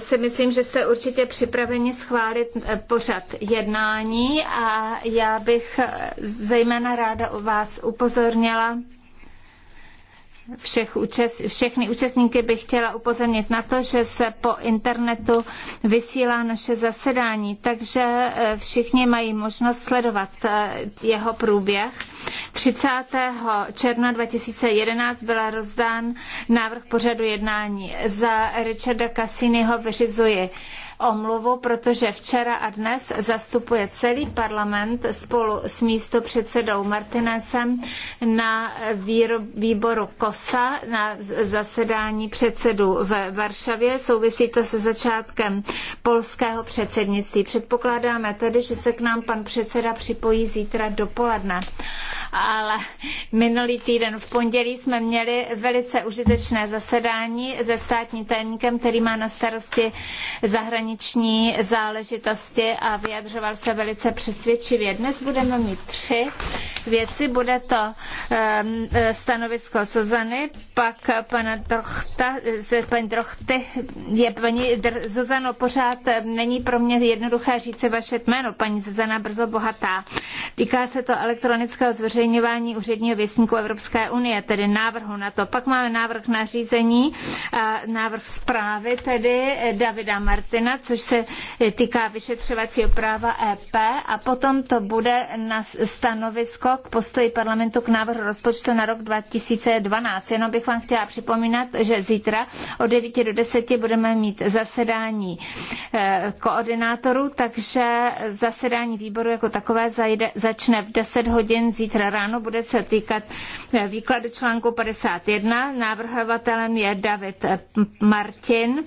si myslím, že jste určitě připraveni schválit eh, pořad jednání a já bych eh, zejména ráda u vás upozornila, všech účast, všechny účastníky bych chtěla upozornit na to, že se po internetu vysílá naše zasedání, takže eh, všichni mají možnost sledovat jeho průběh 30. června 2011 byl rozdán návrh pořadu jednání. Za Richarda Cassiniho vyřizuji omluvu, protože včera a dnes zastupuje celý parlament spolu s místo předsedou Martinesem na výboru KOSA na zasedání předsedů ve Varšavě. Souvisí to se začátkem polského předsednictví. Předpokládáme tedy, že se k nám pan předseda připojí zítra dopoledne. Ale minulý týden v pondělí jsme měli velice užitečné zasedání se státním tajemníkem, který má na starosti zahraniční zahraniční záležitosti a vyjadřoval se velice přesvědčivě. Dnes budeme mít tři věci. Bude to ehm, stanovisko Suzany, pak pana Drochta, paní Drochty, je paní Zuzano, pořád ehm, není pro mě jednoduché říci vaše jméno, paní Zuzana Brzo Bohatá. Týká se to elektronického zveřejňování úředního věstníku Evropské unie, tedy návrhu na to. Pak máme návrh na řízení, návrh zprávy tedy Davida Martina, což se týká vyšetřovacího práva EP a potom to bude na stanovisko k postoji parlamentu k návrhu rozpočtu na rok 2012. Jenom bych vám chtěla připomínat, že zítra od 9 do 10 budeme mít zasedání eh, koordinátorů, takže zasedání výboru jako takové zajde, začne v 10 hodin zítra ráno, bude se týkat eh, výkladu článku 51, návrhovatelem je David Martin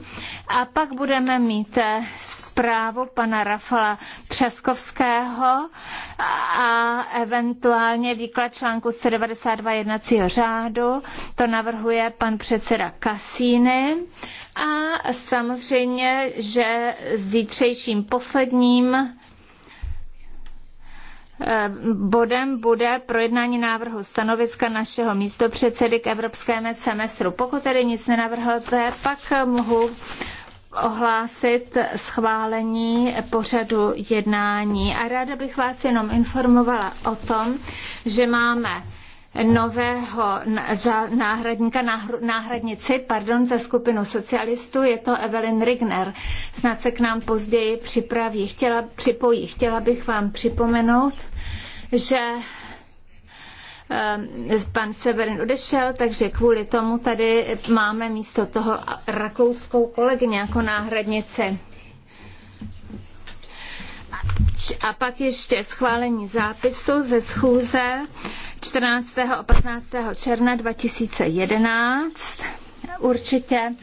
a pak budeme mít máte zprávu pana Rafala Třaskovského a eventuálně výklad článku 192 jednacího řádu. To navrhuje pan předseda Kasíny. A samozřejmě, že zítřejším posledním eh, bodem bude projednání návrhu stanoviska našeho místopředsedy k evropskému semestru. Pokud tedy nic nenavrhujete, pak mohu ohlásit schválení pořadu jednání. A ráda bych vás jenom informovala o tom, že máme nového za náhradníka, náhradnici, pardon, za skupinu socialistů, je to Evelyn Rigner. Snad se k nám později připraví. Chtěla, připojí. Chtěla bych vám připomenout, že Ehm, pan Severin odešel, takže kvůli tomu tady máme místo toho rakouskou kolegyně jako náhradnici. A pak ještě schválení zápisu ze schůze 14. a 15. června 2011. Určitě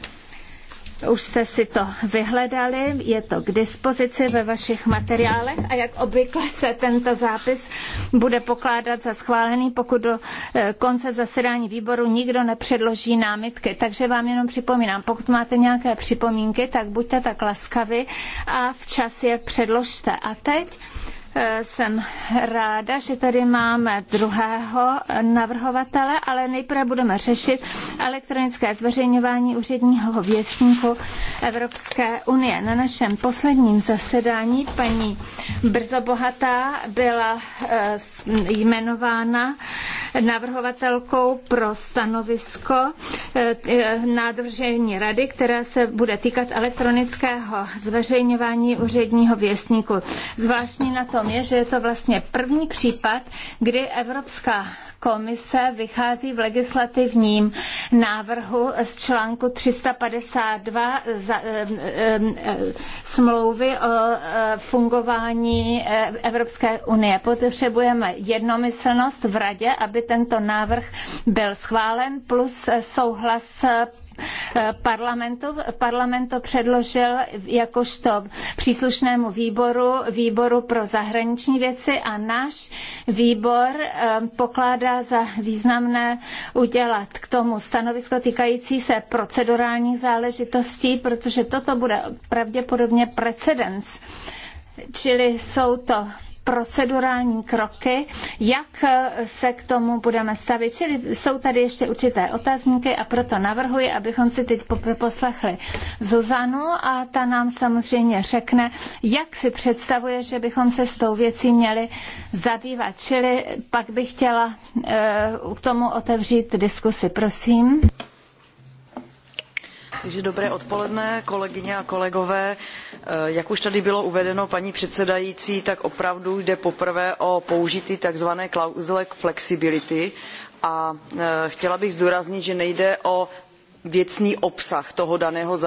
už jste si to vyhledali, je to k dispozici ve vašich materiálech a jak obvykle se tento zápis bude pokládat za schválený, pokud do eh, konce zasedání výboru nikdo nepředloží námitky. Takže vám jenom připomínám, pokud máte nějaké připomínky, tak buďte tak laskavy a včas je předložte. A teď Eh, jsem ráda, že tady máme druhého navrhovatele, ale nejprve budeme řešit elektronické zveřejňování úředního věstníku Evropské unie. Na našem posledním zasedání paní Brzobohatá byla eh, jmenována navrhovatelkou pro stanovisko eh, nádržení rady, která se bude týkat elektronického zveřejňování úředního věstníku. Zvláštní na tom tom je, že je to vlastně první případ, kdy Evropská komise vychází v legislativním návrhu z článku 352 eh, eh, smlouvy o eh, fungování Evropské unie. Potřebujeme jednomyslnost v radě, aby tento návrh byl schválen, plus souhlas parlamentu, parlament to předložil jakožto příslušnému výboru, výboru pro zahraniční věci a náš výbor eh, pokládá za významné udělat k tomu stanovisko týkající se procedurálních záležitostí, protože toto bude pravděpodobně precedens. Čili jsou to procedurální kroky, jak se k tomu budeme stavit. Čili jsou tady ještě určité otázníky a proto navrhuji, abychom si teď poslechli Zuzanu a ta nám samozřejmě řekne, jak si představuje, že bychom se s tou věcí měli zabývat. Čili pak bych chtěla eh, k tomu otevřít diskusi. Prosím. Takže dobré odpoledne, kolegyně a kolegové. Eh, jak už tady bylo uvedeno paní předsedající, tak opravdu jde poprvé o použití tzv. klauzule flexibility a eh, chtěla bych zdůraznit že nejde o věcný obsah toho daného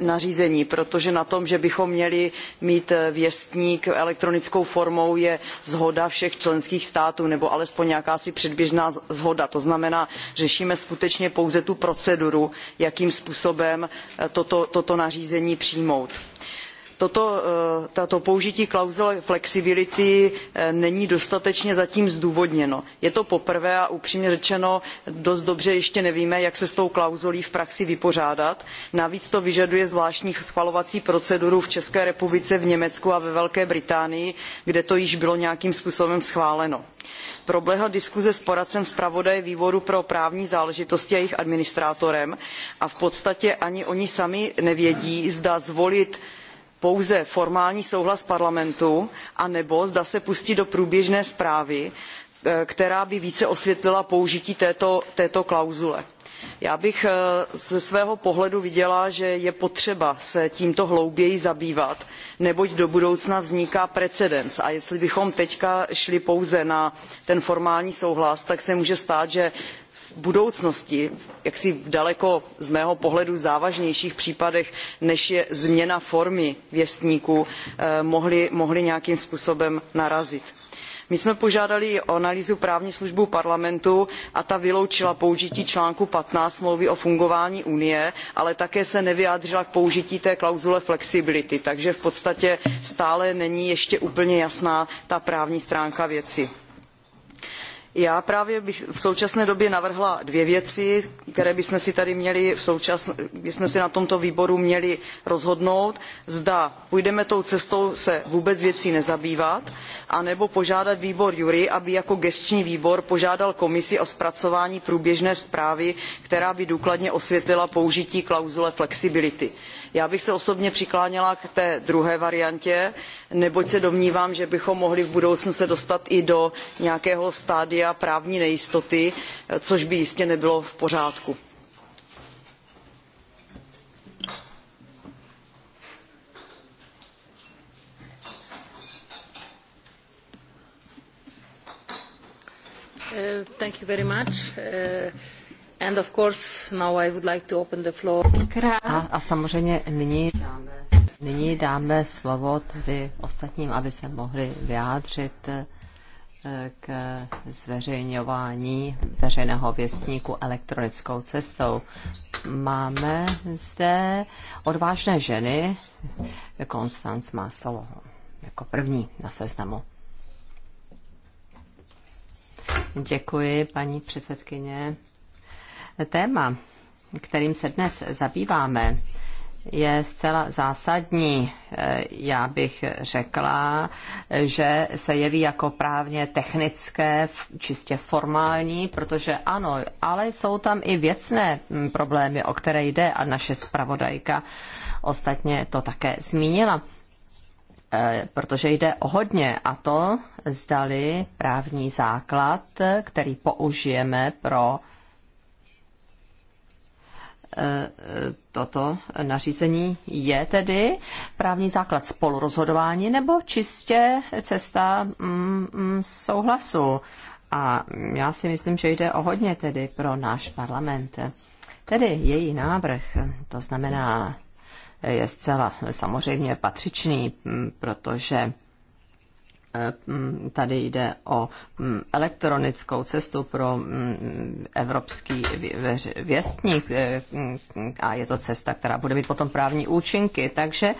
nařízení protože na tom že bychom měli mít eh, věstník elektronickou formou je shoda všech členských států nebo alespoň jakási předběžná shoda to znamená řešíme skutečně pouze tu proceduru jakým způsobem eh, toto, toto nařízení přijmout toto, eh, tato použití klauzule flexibility eh, není dostatečně zatím zdůvodněno. Je to poprvé a upřímně řečeno dost dobře ještě nevíme, jak se s tou klauzulí v praxi vypořádat. Navíc to vyžaduje zvláštní schvalovací proceduru v České republice, v Německu a ve Velké Británii, kde to již bylo nějakým způsobem schváleno. Proběhla diskuze s poradcem zpravodaje výboru pro právní záležitosti a jejich administrátorem a v podstatě ani oni sami nevědí, zda zvolit pouze formální souhlas parlamentu anebo zda se pustí do průběžné zprávy eh, která by více osvětlila použití této, této klauzule já bych eh, ze svého pohledu viděla že je potřeba se tímto hlouběji zabývat neboť do budoucna vzniká precedens a jestli bychom teď šli pouze na ten formální souhlas tak se může stát že budoucnosti jaksi v daleko z mého pohledu závažnějších případech než je změna formy věstníku eh, mohli, mohli nějakým způsobem narazit my jsme požádali o analýzu právní službu parlamentu a ta vyloučila použití článku fifteen smlouvy o fungování unie ale také se nevyjádřila k použití té klauzule flexibility takže v podstatě stále není ještě úplně jasná ta právní stránka věci já právě bych v současné době navrhla dvě věci, které bychom si tady měli v současné, bychom si na tomto výboru měli rozhodnout. Zda půjdeme tou cestou se vůbec věcí nezabývat, anebo požádat výbor Jury, aby jako gestční výbor požádal komisi o zpracování průběžné zprávy, která by důkladně osvětlila použití klauzule flexibility já bych se osobně přikláněla k té druhé variantě neboť se domnívám že bychom mohli v budoucnu se dostat i do nějakého stadia právní nejistoty což by jistě nebylo v pořádku. Uh, thank you very much. Uh, And of course, now I would like to open the floor. A, a samozřejmě nyní dáme, nyní dáme slovo tedy ostatním, aby se mohli vyjádřit eh, k zveřejňování veřejného věstníku elektronickou cestou. Máme zde odvážné ženy. Konstanc má slovo jako první na seznamu. Děkuji, paní předsedkyně. Téma, kterým se dnes zabýváme, je zcela zásadní. Eh, já bych řekla, že se jeví jako právně technické, čistě formální, protože ano, ale jsou tam i věcné mm, problémy, o které jde a naše zpravodajka ostatně to také zmínila eh, protože jde o hodně a to zdali právní základ, eh, který použijeme pro toto nařízení je tedy právní základ spolurozhodování nebo čistě cesta mm, mm, souhlasu. A já si myslím, že jde o hodně tedy pro náš parlament. Tedy její návrh, to znamená, je zcela samozřejmě patřičný, mm, protože tady jde o mm, elektronickou cestu pro mm, evropský věstník eh, mm, a je to cesta, která bude mít potom právní účinky. Takže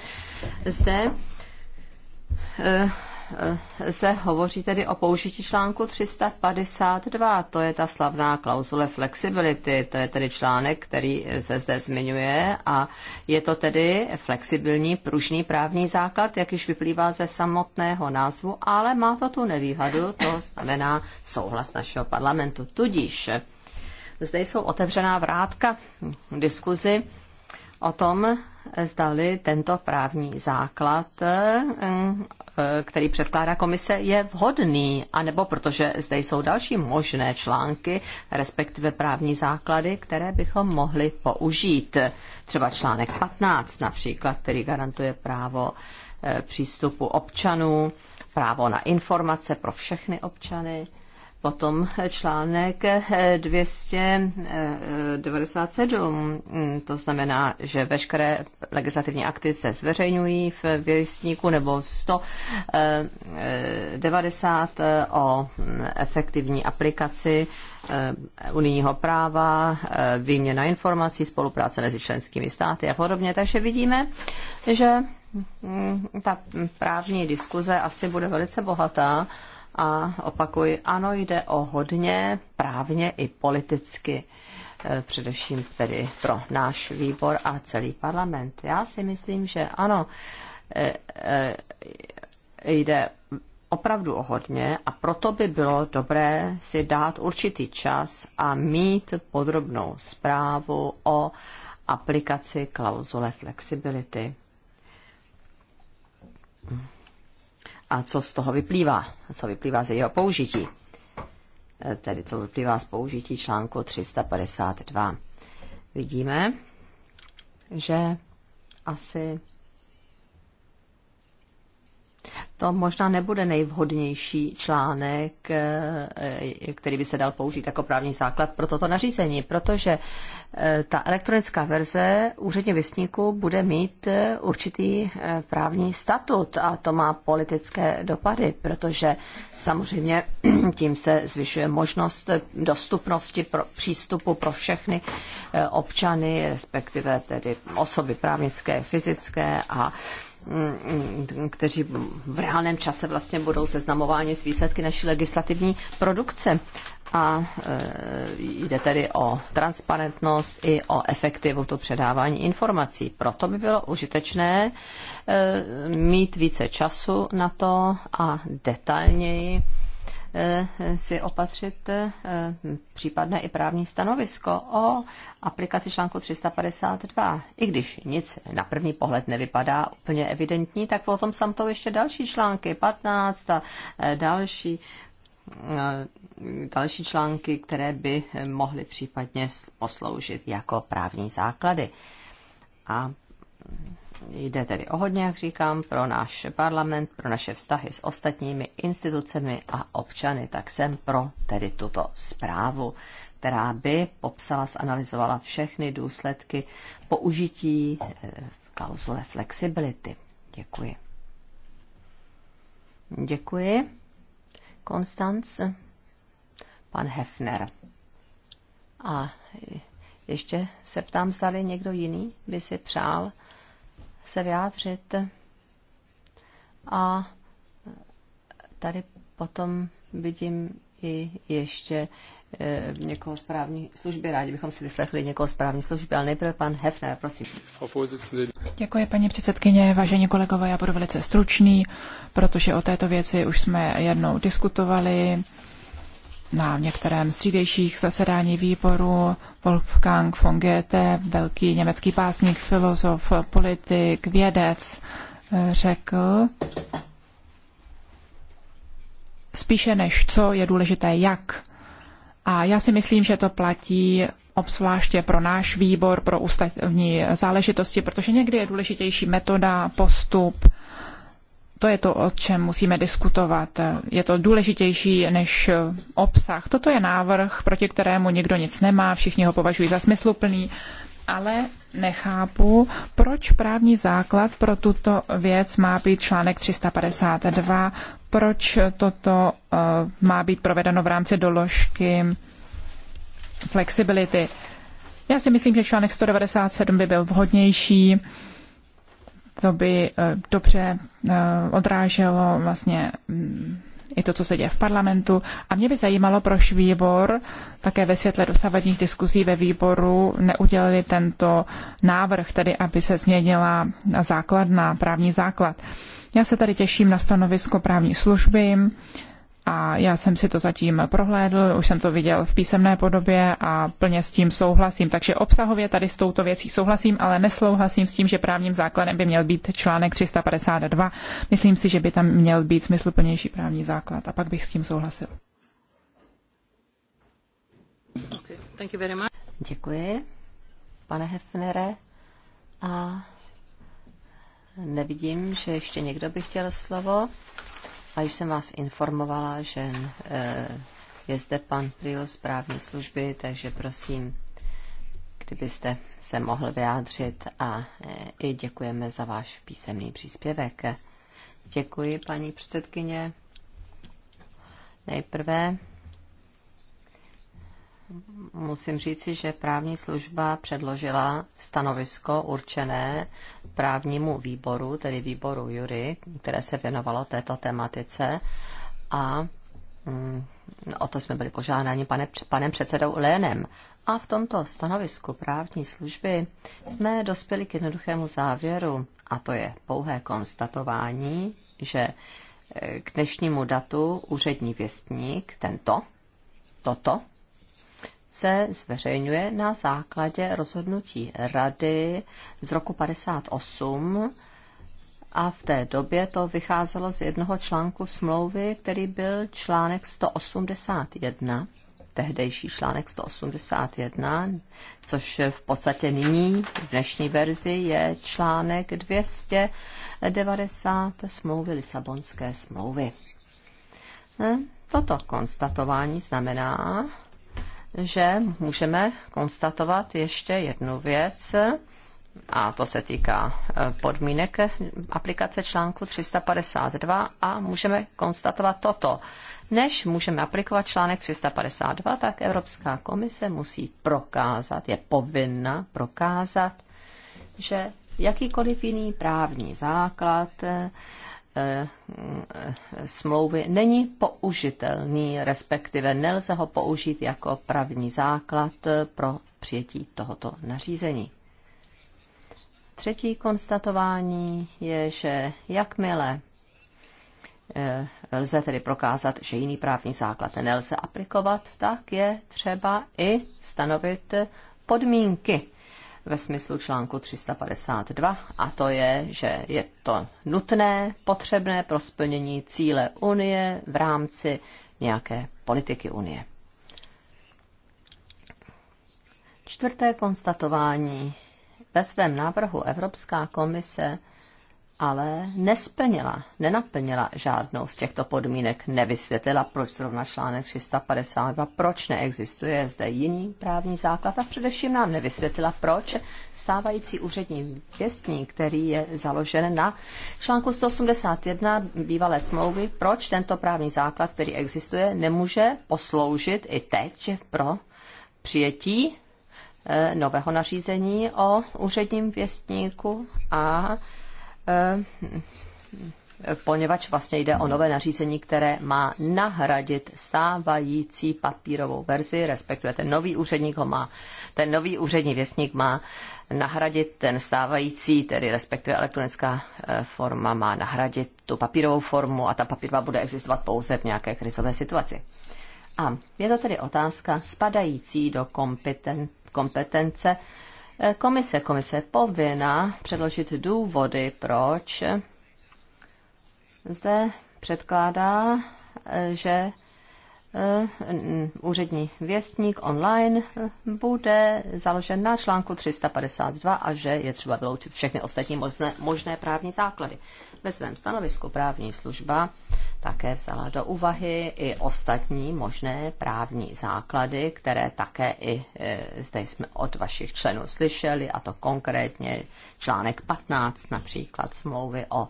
zde eh, Eh, se hovoří tedy o použití článku 352, to je ta slavná klauzule flexibility, to je tedy článek, který se zde zmiňuje a je to tedy flexibilní pružný právní základ, jak již vyplývá ze samotného názvu, ale má to tu nevýhodu, to znamená souhlas našeho parlamentu. Tudíž zde jsou otevřená vrátka diskuzi, o tom, zdali tento právní základ, eh, který předkládá komise, je vhodný, anebo protože zde jsou další možné články, respektive právní základy, které bychom mohli použít. Třeba článek 15 například, který garantuje právo eh, přístupu občanů, právo na informace pro všechny občany. Potom článek 297, to znamená, že veškeré legislativní akty se zveřejňují v věstníku nebo 190 o efektivní aplikaci eh, unijního práva, eh, výměna informací, spolupráce mezi členskými státy a podobně. Takže vidíme, že mm, ta právní diskuze asi bude velice bohatá a opakuji, ano, jde o hodně právně i politicky, eh, především tedy pro náš výbor a celý parlament. Já si myslím, že ano, eh, eh, jde opravdu o hodně a proto by bylo dobré si dát určitý čas a mít podrobnou zprávu o aplikaci klauzule flexibility a co z toho vyplývá, co vyplývá z jeho použití, e, tedy co vyplývá z použití článku 352. Vidíme, že asi to možná nebude nejvhodnější článek, eh, eh, který by se dal použít jako právní základ pro toto nařízení, protože eh, ta elektronická verze úředně vysníku bude mít určitý právní statut a to má politické dopady, protože samozřejmě tím se zvyšuje možnost dostupnosti pro přístupu pro všechny občany, respektive tedy osoby právnické, fyzické a Mm, kteří v reálném čase vlastně budou seznamováni s výsledky naší legislativní produkce. A e, jde tedy o transparentnost i o to předávání informací. Proto by bylo užitečné e, mít více času na to a detailněji Eh, si opatřit eh, případné i právní stanovisko o aplikaci článku 352. I když nic na první pohled nevypadá úplně evidentní, tak potom sam to ještě další články, 15 a eh, další další články, které by mohly případně posloužit jako právní základy. A Jde tedy o hodně, jak říkám, pro náš parlament, pro naše vztahy s ostatními institucemi a občany. Tak jsem pro tedy tuto zprávu, která by popsala, zanalizovala všechny důsledky použití eh, klauzule flexibility. Děkuji. Děkuji. Konstanc, pan Hefner. A ještě se ptám, zda někdo jiný by si přál se vyjádřit a tady potom vidím i ještě eh, někoho z právní služby. Rádi bychom si vyslechli někoho z právní služby, ale nejprve pan Hefner, prosím. Děkuji, paní předsedkyně, vážení kolegové, já budu velice stručný, protože o této věci už jsme jednou diskutovali na některém z dřívějších zasedání výboru Wolfgang von Goethe, velký německý básník, filozof, politik, vědec, eh, řekl, spíše než co je důležité jak. A já si myslím, že to platí obzvláště pro náš výbor, pro ústavní záležitosti, protože někdy je důležitější metoda, postup, to je to, o čem musíme diskutovat. Je to důležitější než obsah. Toto je návrh, proti kterému nikdo nic nemá, všichni ho považují za smysluplný, ale nechápu, proč právní základ pro tuto věc má být článek 352, proč toto eh, má být provedeno v rámci doložky flexibility. Já si myslím, že článek 197 by byl vhodnější to by eh, dobře eh, odráželo vlastně mm, i to, co se děje v parlamentu. A mě by zajímalo, proč výbor, také ve světle dosavadních diskuzí ve výboru, neudělali tento návrh, tedy aby se změnila základna, právní základ. Já se tady těším na stanovisko právní služby a já jsem si to zatím prohlédl, už jsem to viděl v písemné podobě a plně s tím souhlasím. Takže obsahově tady s touto věcí souhlasím, ale nesouhlasím s tím, že právním základem by měl být článek 352. Myslím si, že by tam měl být smysluplnější právní základ a pak bych s tím souhlasil. Okay, thank you very much. Děkuji, pane Hefnere. A nevidím, že ještě někdo by chtěl slovo. A již jsem vás informovala, že eh, je zde pan Prius z právní služby, takže prosím, kdybyste se mohl vyjádřit a eh, i děkujeme za váš písemný příspěvek. Děkuji, paní předsedkyně. Nejprve musím říci, že právní služba předložila stanovisko určené právnímu výboru, tedy výboru jury, které se věnovalo této tematice a mm, o to jsme byli požádáni pane, panem předsedou Lénem. A v tomto stanovisku právní služby jsme dospěli k jednoduchému závěru, a to je pouhé konstatování, že eh, k dnešnímu datu úřední věstník, tento, toto, se zveřejňuje na základě rozhodnutí rady z roku 58 a v té době to vycházelo z jednoho článku smlouvy, který byl článek 181, tehdejší článek 181, což v podstatě nyní, v dnešní verzi, je článek 290 smlouvy Lisabonské smlouvy. Hm, toto konstatování znamená, že můžeme konstatovat ještě jednu věc, a to se týká eh, podmínek aplikace článku 352 a můžeme konstatovat toto. Než můžeme aplikovat článek 352, tak Evropská komise musí prokázat, je povinna prokázat, že jakýkoliv jiný právní základ eh, Eh, smlouvy není použitelný, respektive nelze ho použít jako právní základ pro přijetí tohoto nařízení. Třetí konstatování je, že jakmile eh, lze tedy prokázat, že jiný právní základ nelze aplikovat, tak je třeba i stanovit podmínky ve smyslu článku 352 a to je, že je to nutné, potřebné pro splnění cíle Unie v rámci nějaké politiky Unie. Čtvrté konstatování. Ve svém návrhu Evropská komise ale nesplnila, nenaplnila žádnou z těchto podmínek, nevysvětlila, proč zrovna článek 352, proč neexistuje zde jiný právní základ a především nám nevysvětlila, proč stávající úřední věstník, který je založen na článku 181 bývalé smlouvy, proč tento právní základ, který existuje, nemůže posloužit i teď pro přijetí eh, nového nařízení o úředním věstníku a Eh, poněvadž vlastně jde o nové nařízení, které má nahradit stávající papírovou verzi, respektive ten nový úředník ho má, ten nový úřední věstník má nahradit ten stávající, tedy respektive elektronická eh, forma má nahradit tu papírovou formu a ta papírová bude existovat pouze v nějaké krizové situaci. A je to tedy otázka spadající do kompeten- kompetence Eh, komise. Komise povinna předložit důvody, proč zde předkládá, eh, že eh, úřední věstník online bude založen na článku 352 a že je třeba vyloučit všechny ostatní možné, možné právní základy. Ve svém stanovisku právní služba také vzala do úvahy i ostatní možné právní základy, které také i e, zde jsme od vašich členů slyšeli, a to konkrétně článek 15 například smlouvy o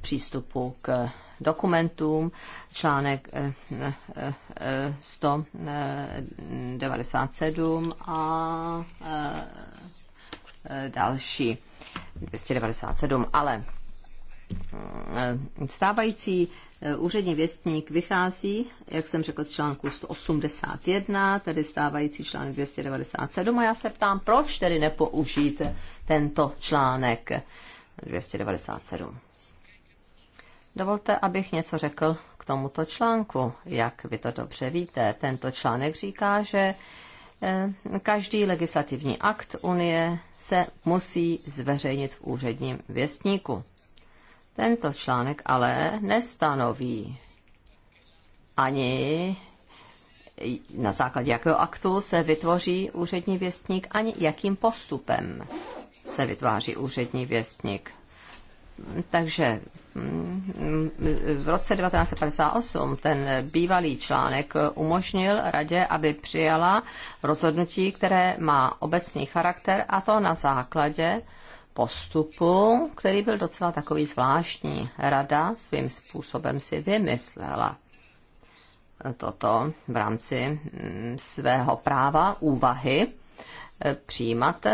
přístupu k dokumentům, článek 197 e, e, a další 297, ale Eh, stávající eh, úřední věstník vychází, jak jsem řekl, z článku 181, tedy stávající článek 297. A já se ptám, proč tedy nepoužít tento článek 297. Dovolte, abych něco řekl k tomuto článku. Jak vy to dobře víte, tento článek říká, že eh, každý legislativní akt Unie se musí zveřejnit v úředním věstníku. Tento článek ale nestanoví ani na základě jakého aktu se vytvoří úřední věstník, ani jakým postupem se vytváří úřední věstník. Takže mm, v roce 1958 ten bývalý článek umožnil radě, aby přijala rozhodnutí, které má obecný charakter a to na základě postupu, který byl docela takový zvláštní. Rada svým způsobem si vymyslela toto v rámci mm, svého práva úvahy e, přijímat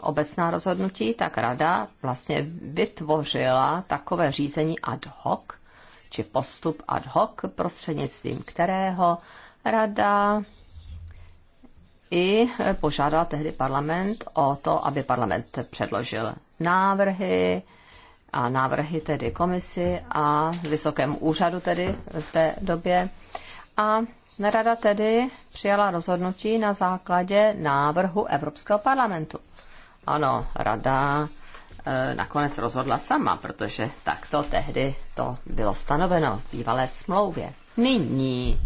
obecná rozhodnutí, tak rada vlastně vytvořila takové řízení ad hoc, či postup ad hoc, prostřednictvím kterého rada i požádala tehdy parlament o to, aby parlament předložil návrhy a návrhy tedy komisi a vysokému úřadu tedy v té době. A rada tedy přijala rozhodnutí na základě návrhu Evropského parlamentu. Ano, rada eh, nakonec rozhodla sama, protože takto tehdy to bylo stanoveno v bývalé smlouvě. Nyní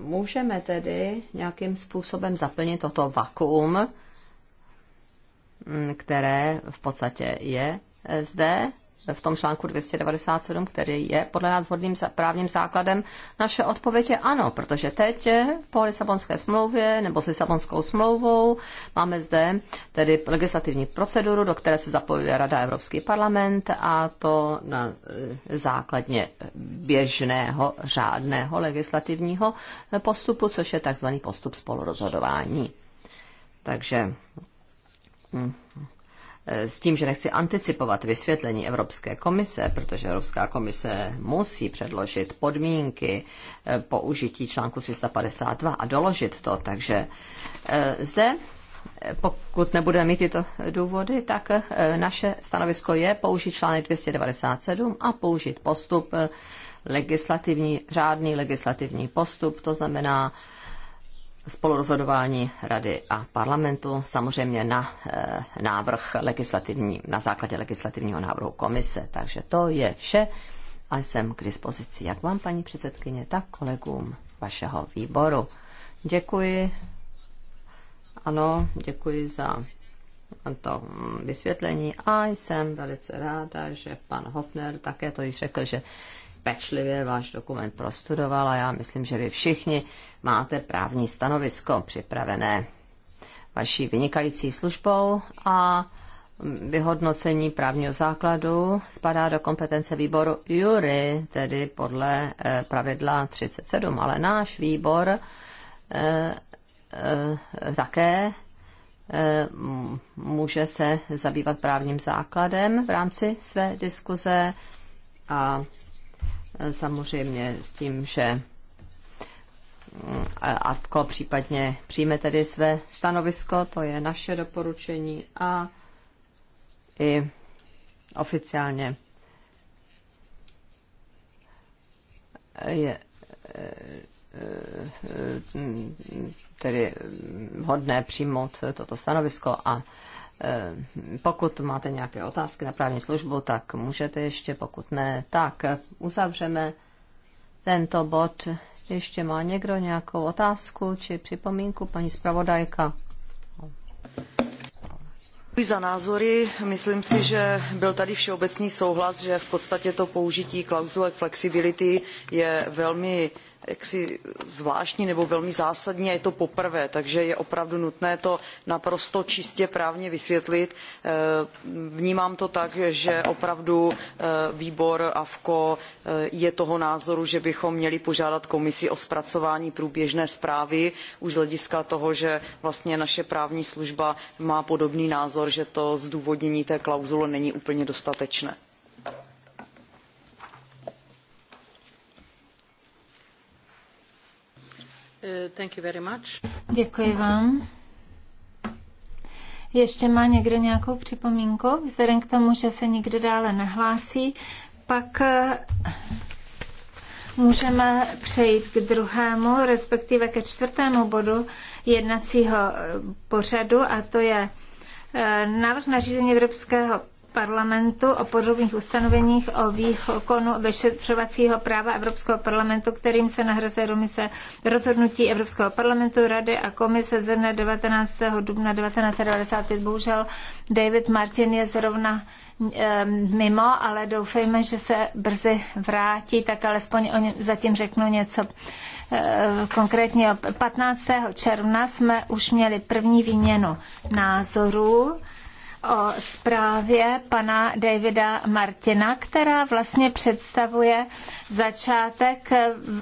můžeme tedy nějakým způsobem zaplnit toto vakuum, Mm, které v podstatě je eh, zde v tom článku 297, který je podle nás vhodným právním základem, naše odpověď je ano, protože teď eh, po Lisabonské smlouvě nebo s Lisabonskou smlouvou máme zde tedy legislativní proceduru, do které se zapojuje Rada Evropský parlament a to na eh, základně běžného řádného legislativního postupu, což je takzvaný postup spolurozhodování. Takže s tím, že nechci anticipovat vysvětlení Evropské komise, protože Evropská komise musí předložit podmínky eh, použití článku 352 a doložit to. Takže eh, zde, eh, pokud nebudeme mít tyto důvody, tak naše stanovisko je použít článek 297 a použít postup legislativní, řádný legislativní postup, to znamená spolurozhodování rady a parlamentu, samozřejmě na eh, návrh legislativní, na základě legislativního návrhu komise. Takže to je vše a jsem k dispozici jak vám, paní předsedkyně, tak kolegům vašeho výboru. Děkuji. Ano, děkuji za to vysvětlení a jsem velice ráda, že pan Hofner také to již řekl, že pečlivě váš dokument prostudoval a já myslím, že vy všichni máte právní stanovisko připravené vaší vynikající službou a vyhodnocení právního základu spadá do kompetence výboru jury, tedy podle eh, pravidla 37, ale náš výbor eh, eh, také může se zabývat právním základem v rámci své diskuze a samozřejmě s tím, že mm, AFKO případně přijme tedy své stanovisko, to je naše doporučení a i oficiálně je e, e, e, tedy hodné přijmout toto stanovisko a Eh, pokud máte nějaké otázky na právní službu, tak můžete ještě, pokud ne, tak uzavřeme tento bod. Ještě má někdo nějakou otázku či připomínku, paní zpravodajka? Děkuji za názory. Myslím si, že byl tady všeobecný souhlas, že v podstatě to použití klauzule flexibility je velmi jaksi zvláštní nebo velmi zásadní a je to poprvé, takže je opravdu nutné to naprosto čistě právně vysvětlit. Eh, vnímám to tak, že opravdu eh, výbor AFKO eh, je toho názoru, že bychom měli požádat komisi o zpracování průběžné zprávy už z hlediska toho, že vlastně naše právní služba má podobný názor, že to zdůvodnění té klauzule není úplně dostatečné. Thank you very much. Děkuji vám. Ještě má někdo nějakou připomínku? Vzhledem k tomu, že se nikdo dále nehlásí, pak eh, můžeme přejít k druhému, respektive ke čtvrtému bodu jednacího eh, pořadu, a to je eh, návrh nařízení Evropského parlamentu o podobných ustanoveních o výkonu vyšetřovacího práva Evropského parlamentu, kterým se nahrazuje romise rozhodnutí Evropského parlamentu, Rady a komise ze dne 19. dubna 1995. Bohužel David Martin je zrovna mimo, ale doufejme, že se brzy vrátí, tak alespoň o něm zatím řeknu něco e, konkrétně. 15. června jsme už měli první výměnu názorů o zprávě pana Davida Martina, která vlastně představuje začátek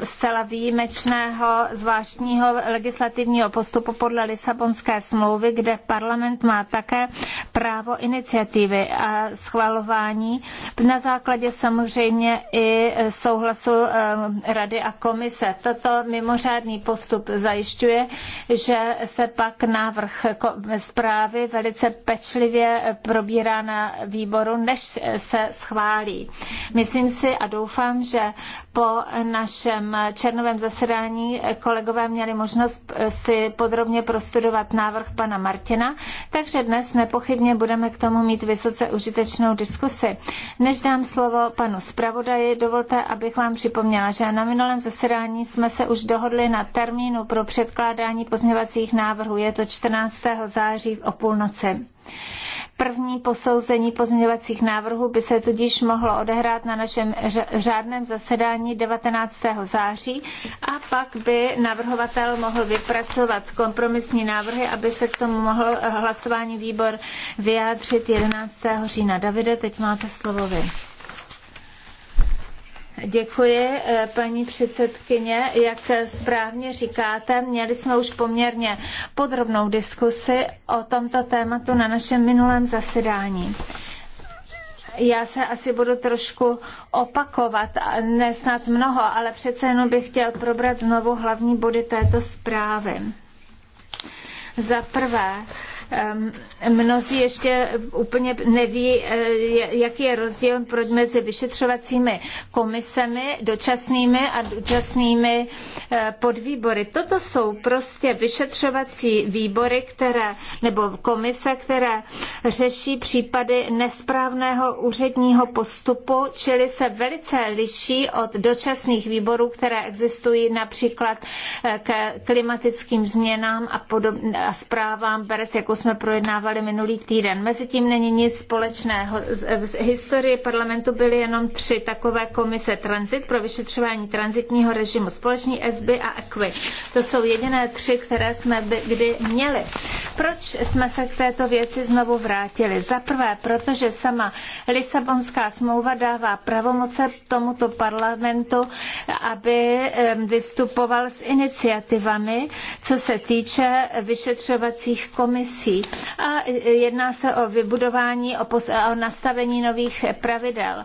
zcela výjimečného zvláštního legislativního postupu podle Lisabonské smlouvy, kde parlament má také právo iniciativy a schvalování na základě samozřejmě i souhlasu eh, Rady a komise. Toto mimořádný postup zajišťuje, že se pak návrh zprávy velice pečlivě probírá na výboru, než se schválí. Myslím si a doufám, že po našem černovém zasedání kolegové měli možnost si podrobně prostudovat návrh pana Martina, takže dnes nepochybně budeme k tomu mít vysoce užitečnou diskusi. Než dám slovo panu zpravodaji, dovolte, abych vám připomněla, že na minulém zasedání jsme se už dohodli na termínu pro předkládání pozměvacích návrhů. Je to 14. září o půlnoci. První posouzení pozměňovacích návrhů by se tudíž mohlo odehrát na našem řádném zasedání 19. září a pak by navrhovatel mohl vypracovat kompromisní návrhy, aby se k tomu mohl hlasování výbor vyjádřit 11. října. Davide, teď máte slovo vy. Děkuji, eh, paní předsedkyně. Jak správně říkáte, měli jsme už poměrně podrobnou diskusi o tomto tématu na našem minulém zasedání já se asi budu trošku opakovat, ne snad mnoho, ale přece jenom bych chtěl probrat znovu hlavní body této zprávy. Za prvé, Ehm, mnozí ještě úplně neví, eh, jaký je rozdíl mezi vyšetřovacími komisemi, dočasnými a dočasnými eh, podvýbory. Toto jsou prostě vyšetřovací výbory, které, nebo komise, které řeší případy nesprávného úředního postupu, čili se velice liší od dočasných výborů, které existují například eh, k klimatickým změnám a, podob, a zprávám bere jako jsme projednávali minulý týden. Mezitím není nic společného. V historii parlamentu byly jenom tři takové komise transit pro vyšetřování transitního režimu. Společný SB a EQUI. To jsou jediné tři, které jsme by kdy měli. Proč jsme se k této věci znovu vrátili? Za prvé, protože sama Lisabonská smlouva dává pravomoce tomuto parlamentu, aby vystupoval s iniciativami, co se týče vyšetřovacích komisí věcí a jedná se o vybudování, o, o nastavení nových pravidel.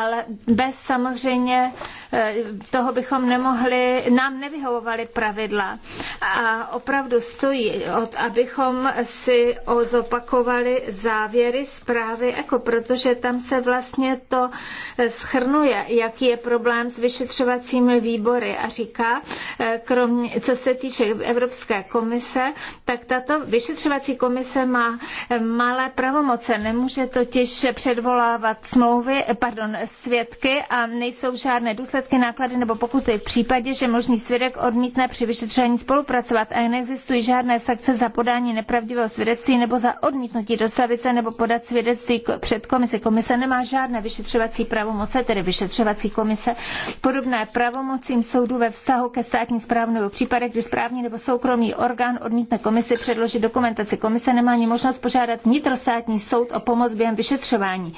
Ale bez samozřejmě e, toho bychom nemohli, nám nevyhovovaly pravidla. A opravdu stojí, od, abychom si zopakovali závěry zprávy ECO, protože tam se vlastně to e, schrnuje, jaký je problém s vyšetřovacími výbory a říká, e, kromě, co se týče Evropské komise, tak tato vyšetřovací komise má eh, malé pravomoce, nemůže totiž předvolávat smlouvy, eh, pardon, svědky a nejsou žádné důsledky, náklady nebo pokuty v případě, že možný svědek odmítne při vyšetřování spolupracovat a neexistují žádné sankce za podání nepravdivého svědectví nebo za odmítnutí dostavit nebo podat svědectví před komisi. Komise nemá žádné vyšetřovací pravomoce, tedy vyšetřovací komise, podobné pravomocím soudu ve vztahu ke státní správnou případech, kdy správní nebo soukromý orgán odmítne komisi předložit dokumentaci komise nemá ani možnost požádat vnitrostátní soud o pomoc během vyšetřování.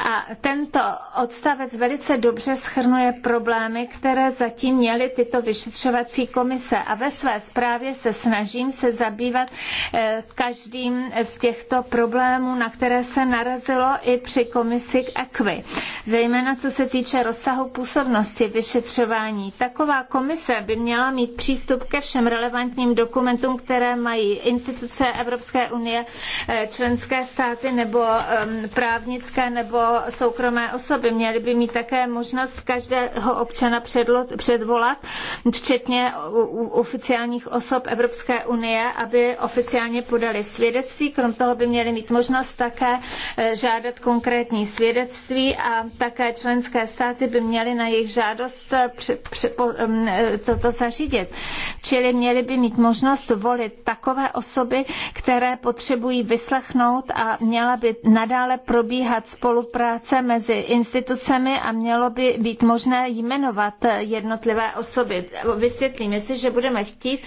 A tento odstavec velice dobře schrnuje problémy, které zatím měly tyto vyšetřovací komise. A ve své zprávě se snažím se zabývat eh, každým z těchto problémů, na které se narazilo i při komisi k EQUI. Zejména co se týče rozsahu působnosti vyšetřování. Taková komise by měla mít přístup ke všem relevantním dokumentům, které mají instituce Evropské unie, eh, členské státy nebo ehm, právnické nebo soukromé osoby. měly by mít také možnost každého občana předvolat, včetně oficiálních osob Evropské unie, aby oficiálně podali svědectví. Krom toho by měly mít možnost také eh, žádat konkrétní svědectví a také členské státy by měly na jejich žádost eh, mm, eh, toto zařídit. Čili měly by mít možnost volit takové osoby, které potřebují vyslechnout a měla by nadále probíhat spolupráce spolupráce mezi institucemi a mělo by být možné jmenovat jednotlivé osoby. Vysvětlím, jestliže budeme chtít,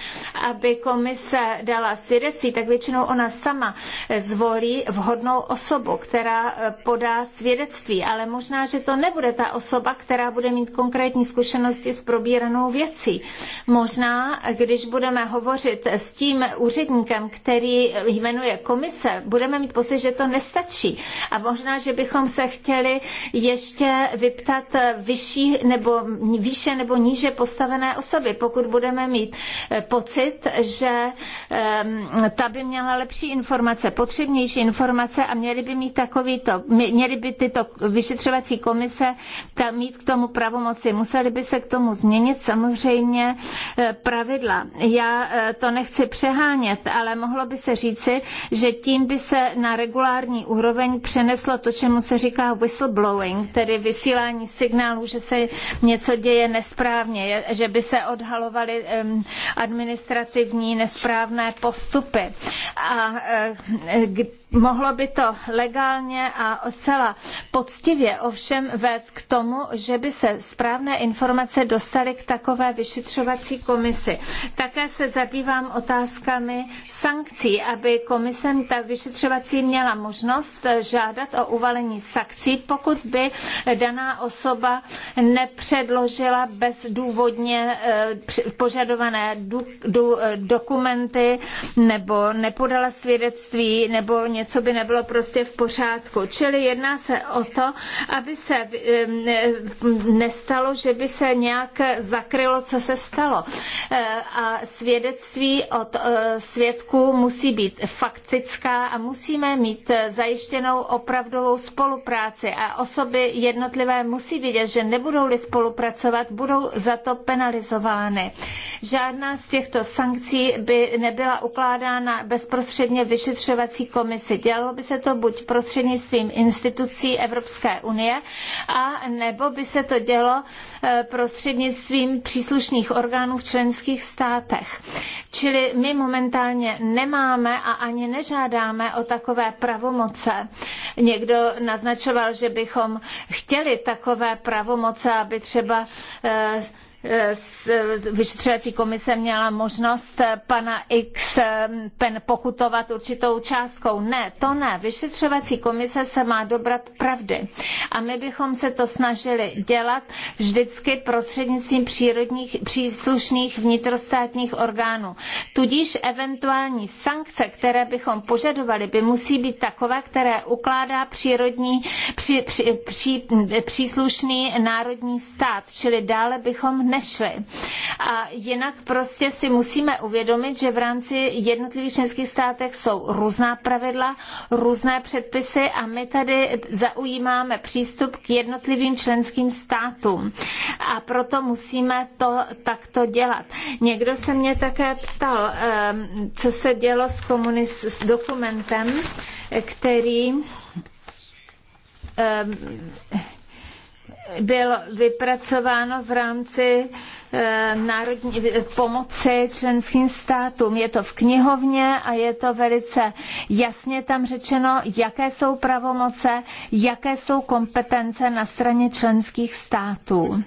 aby komise dala svědectví, tak většinou ona sama zvolí vhodnou osobu, která eh, podá svědectví, ale možná, že to nebude ta osoba, která bude mít konkrétní zkušenosti s probíranou věcí. Možná, když budeme hovořit s tím úředníkem, který jmenuje komise, budeme mít pocit, že to nestačí. A možná, že bychom se se chtěli ještě vyptat vyšší nebo výše nebo níže postavené osoby, pokud budeme mít eh, pocit, že ehm, ta by měla lepší informace, potřebnější informace a měli by mít takovýto, měli by tyto vyšetřovací komise tam mít k tomu pravomoci. Museli by se k tomu změnit samozřejmě eh, pravidla. Já eh, to nechci přehánět, ale mohlo by se říci, že tím by se na regulární úroveň přeneslo to, čemu se říká říká whistleblowing, tedy vysílání signálů, že se něco děje nesprávně, že by se odhalovaly administrativní nesprávné postupy. A eh, Mohlo by to legálně a zcela poctivě ovšem vést k tomu, že by se správné informace dostaly k takové vyšetřovací komisi. Také se zabývám otázkami sankcí, aby komise ta vyšetřovací měla možnost žádat o uvalení sankcí, pokud by daná osoba nepředložila bezdůvodně eh, požadované dokumenty nebo nepodala svědectví nebo něco něco by nebylo prostě v pořádku. Čili jedná se o to, aby se eh, eh, nestalo, že by se nějak zakrylo, co se stalo. Eh, a svědectví od svědků musí být faktická a musíme mít zajištěnou opravdovou spolupráci a osoby jednotlivé musí vidět, že nebudou-li spolupracovat, budou za to penalizovány. Žádná z těchto sankcí by nebyla ukládána bezprostředně vyšetřovací komisi pomoci. Dělalo by se to buď prostřednictvím institucí Evropské unie, a nebo by se to dělo eh, prostřednictvím příslušných orgánů v členských státech. Čili my momentálně nemáme a ani nežádáme o takové pravomoce. Někdo naznačoval, že bychom chtěli takové pravomoce, aby třeba eh, vyšetřovací komise měla možnost pana X eh, pen pokutovat určitou částkou. Ne, to ne. Vyšetřovací komise se má dobrat pravdy. A my bychom se to snažili dělat vždycky prostřednictvím přírodních, příslušných vnitrostátních orgánů. Tudíž eventuální sankce, které bychom požadovali, by musí být takové, které ukládá přírodní, při, při, při, příslušný národní stát. Čili dále bychom nešly. A jinak prostě si musíme uvědomit, že v rámci jednotlivých členských státech jsou různá pravidla, různé předpisy a my tady zaujímáme přístup k jednotlivým členským státům. A proto musíme to takto dělat. Někdo se mě také ptal, ehm, co se dělo s, komunis- s dokumentem, který ehm, bylo vypracováno v rámci eh, národní eh, pomoci členským státům. Je to v knihovně a je to velice jasně tam řečeno, jaké jsou pravomoce, jaké jsou kompetence na straně členských států.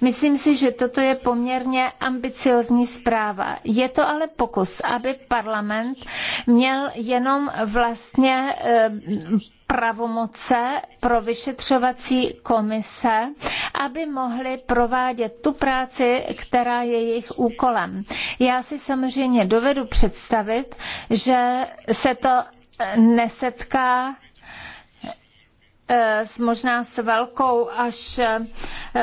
Myslím si, že toto je poměrně ambiciozní zpráva. Je to ale pokus, aby parlament měl jenom vlastně eh, pravomoce pro vyšetřovací komise, aby mohly provádět tu práci, která je jejich úkolem. Já si samozřejmě dovedu představit, že se to eh, nesetká možná s velkou až e,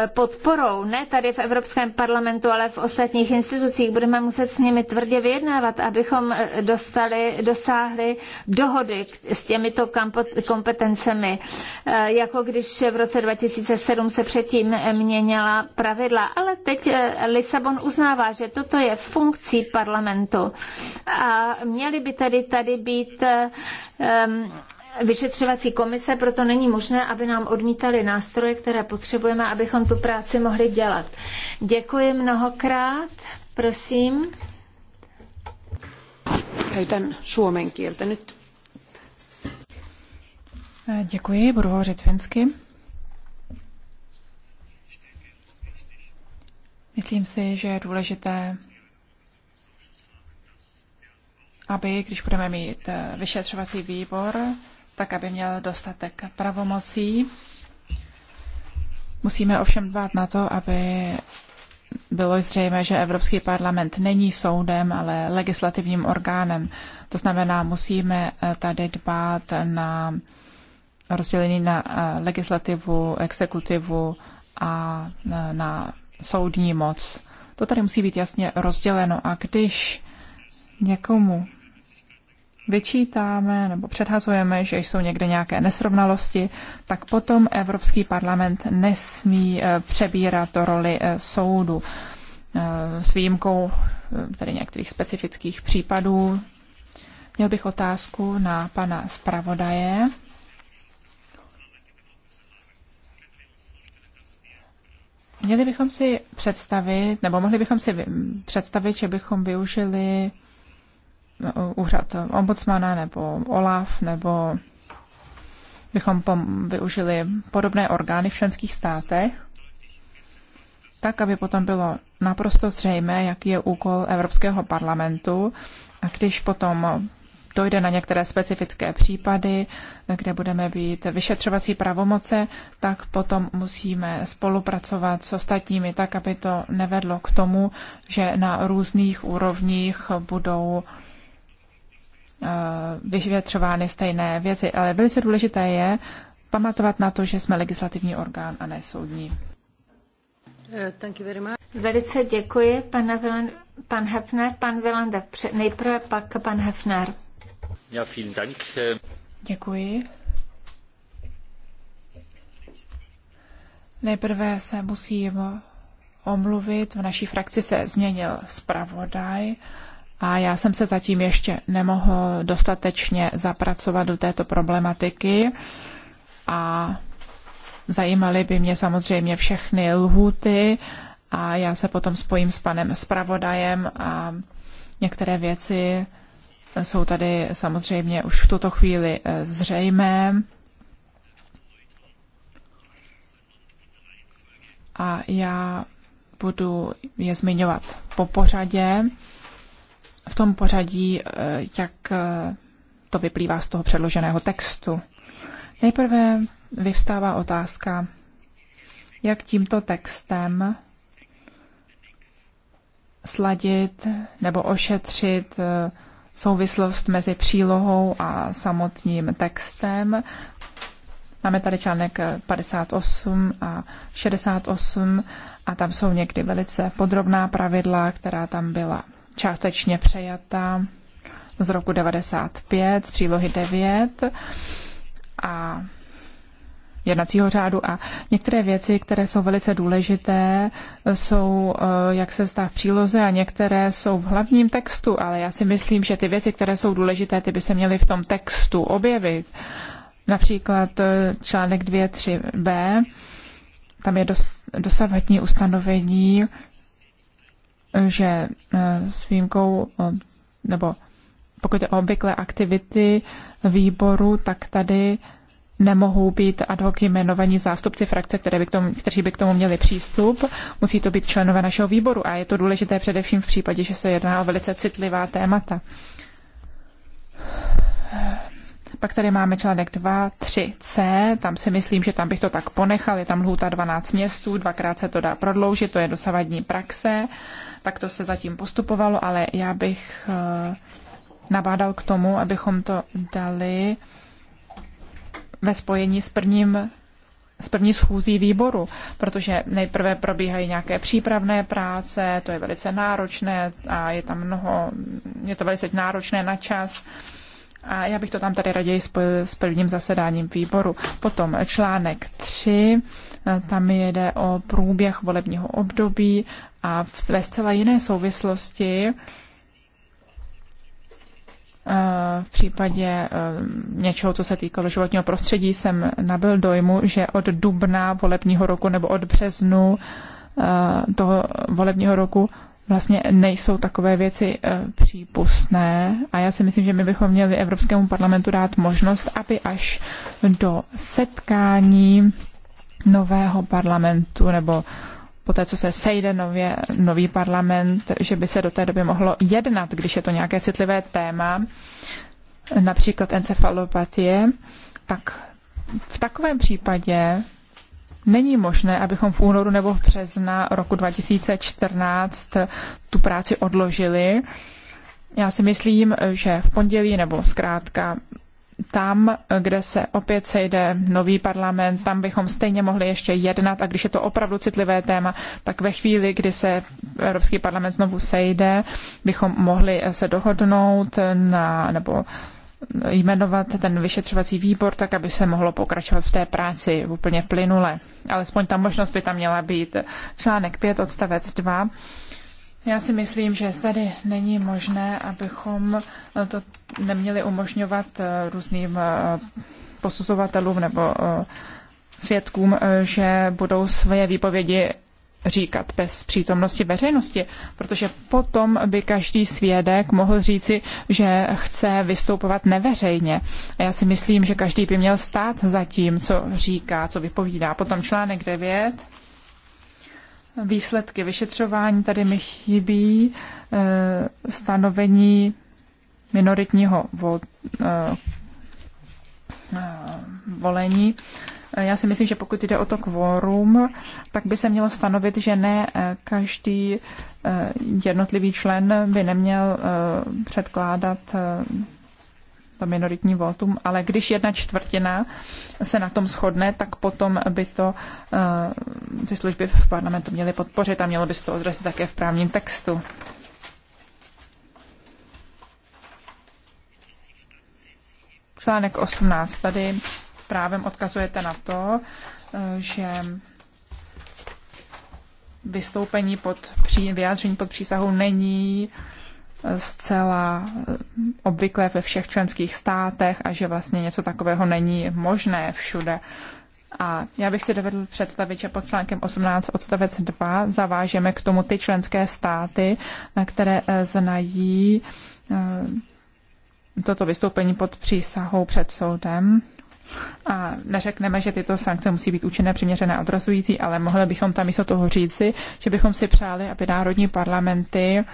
podporou, ne tady v Evropském parlamentu, ale v ostatních institucích. Budeme muset s nimi tvrdě vyjednávat, abychom e, dostali, dosáhli dohody s těmito kompetencemi, e, jako když v roce 2007 se předtím měnila pravidla. Ale teď Lisabon uznává, že toto je funkcí parlamentu. A měly by tedy tady být vyšetřovací komise, proto není možné, aby nám odmítali nástroje, které potřebujeme, abychom tu práci mohli dělat. Děkuji mnohokrát. Prosím. Käytän suomen kieltä nyt. Eh, děkuji, budu hovořit finsky. Myslím si, že je důležité, aby, když budeme mít eh, vyšetřovací výbor, tak aby měl dostatek pravomocí. Musíme ovšem dbát na to, aby bylo zřejmé, že Evropský parlament není soudem, ale legislativním orgánem. To znamená, musíme eh, tady dbát na rozdělení na eh, legislativu, exekutivu a eh, na soudní moc. To tady musí být jasně rozděleno. A když někomu vyčítáme nebo předhazujeme, že jsou někde nějaké nesrovnalosti, tak potom Evropský parlament nesmí eh, přebírat do roli eh, soudu. Eh, s výjimkou tedy některých specifických případů. Měl bych otázku na pana zpravodaje. Měli bychom si představit, nebo mohli bychom si představit, že bychom využili Eh, úřad ombudsmana nebo OLAF, nebo bychom využili podobné orgány v členských státech, tak, aby potom bylo naprosto zřejmé, jaký je úkol Evropského parlamentu. A když potom dojde na některé specifické případy, kde budeme být vyšetřovací pravomoce, tak potom musíme spolupracovat s ostatními tak, aby to nevedlo k tomu, že na různých úrovních budou Eh, vyšetřovány stejné věci, ale velice důležité je pamatovat na to, že jsme legislativní orgán a ne soudní. Eh, velice děkuji, pan, Vilan, pan Hefner, pan Vilanda, nejprve pak pan Hefner. Ja, vielen Dank. Děkuji. Nejprve se musím omluvit. V naší frakci se změnil zpravodaj a já jsem se zatím ještě nemohl dostatečně zapracovat do této problematiky a zajímaly by mě samozřejmě všechny lhuty a já se potom spojím s panem zpravodajem a některé věci jsou tady samozřejmě už v tuto chvíli eh, zřejmé. A já budu je zmiňovat po pořadě v tom pořadí, eh, jak eh, to vyplývá z toho předloženého textu. Nejprve vyvstává otázka, jak tímto textem sladit nebo ošetřit eh, souvislost mezi přílohou a samotným textem. Máme tady článek 58 a 68 a tam jsou někdy velice podrobná pravidla, která tam byla částečně přejata z roku 95 z přílohy 9 a jednacího řádu a některé věci, které jsou velice důležité, jsou, eh, jak se stá v příloze a některé jsou v hlavním textu, ale já si myslím, že ty věci, které jsou důležité, ty by se měly v tom textu objevit. Například eh, článek 2.3b, tam je dosavadní ustanovení, že eh, s výjimkou eh, nebo pokud je obvykle aktivity výboru, tak tady nemohou být ad hoc jmenovaní zástupci frakce, které by k tomu, kteří by k tomu měli přístup. Musí to být členové našeho výboru a je to důležité především v případě, že se jedná o velice citlivá témata. Pak tady máme článek 2, 3c, tam si myslím, že tam bych to tak ponechal, je tam lhůta 12 městů, dvakrát se to dá prodloužit, to je dosavadní praxe. Uh, tak to se zatím postupovalo, ale já bych eh, nabádal k tomu, abychom to dali ve spojení s prvním s první schůzí výboru, protože nejprve probíhají nějaké přípravné práce, to je velice náročné a je tam mnoho, je to velice náročné na čas. Uh, a já bych to tam tady raději spojil s prvním zasedáním výboru. Potom článek 3, eh, tam jde o průběh volebního období a ve zcela jiné souvislosti eh, v případě eh, něčeho, co se týkalo životního prostředí, jsem nabil dojmu, že od dubna volebního roku nebo od březnu toho volebního roku vlastně nejsou takové věci eh, přípustné a já si myslím, že my bychom měli Evropskému parlamentu dát možnost, aby až do setkání nového parlamentu nebo po té, co se sejde nově, nový parlament, že by se do té doby mohlo jednat, když je to nějaké citlivé téma, například encefalopatie, tak v takovém případě Není možné, abychom v únoru nebo v března roku 2014 tu práci odložili. Já si myslím, že v pondělí nebo zkrátka tam, kde se opět sejde nový parlament, tam bychom stejně mohli ještě jednat a když je to opravdu citlivé téma, tak ve chvíli, kdy se Evropský parlament znovu sejde, bychom mohli se dohodnout na, nebo jmenovat ten vyšetřovací výbor tak, aby se mohlo pokračovat v té práci úplně plynule. Alespoň ta možnost by tam měla být. Článek 5, odstavec 2. Já si myslím, že tady není možné, abychom to neměli umožňovat eh, různým eh, posuzovatelům nebo eh, svědkům, že budou své výpovědi říkat bez přítomnosti veřejnosti, protože potom by každý svědek mohl říci, že chce vystupovat neveřejně. A já si myslím, že každý by měl stát za tím, co říká, co vypovídá. Potom článek 9. Výsledky vyšetřování tady mi chybí eh, stanovení minoritního eh, eh, volení Eh, já si myslím, že pokud jde o to kvórum, tak by se mělo stanovit, že ne eh, každý eh, jednotlivý člen by neměl předkládat to minoritní votum, ale když jedna čtvrtina se na tom shodne, tak potom by to ty služby v parlamentu měly podpořit a mělo by se to odrazit také v právním textu. Článek 18. Tady právem odkazujete na to, eh, že vystoupení pod pří, vyjádření pod přísahou není eh, zcela eh, obvyklé ve všech členských státech a že vlastně něco takového není možné všude. A já bych si dovedl představit, že pod článkem 18 odstavec 2 zavážeme k tomu ty členské státy, které znají toto vystoupení pod přísahou před soudem a neřekneme, že tyto sankce musí být účinné, přiměřené a odrazující, ale mohli bychom tam místo toho říci, že bychom si přáli, aby národní parlamenty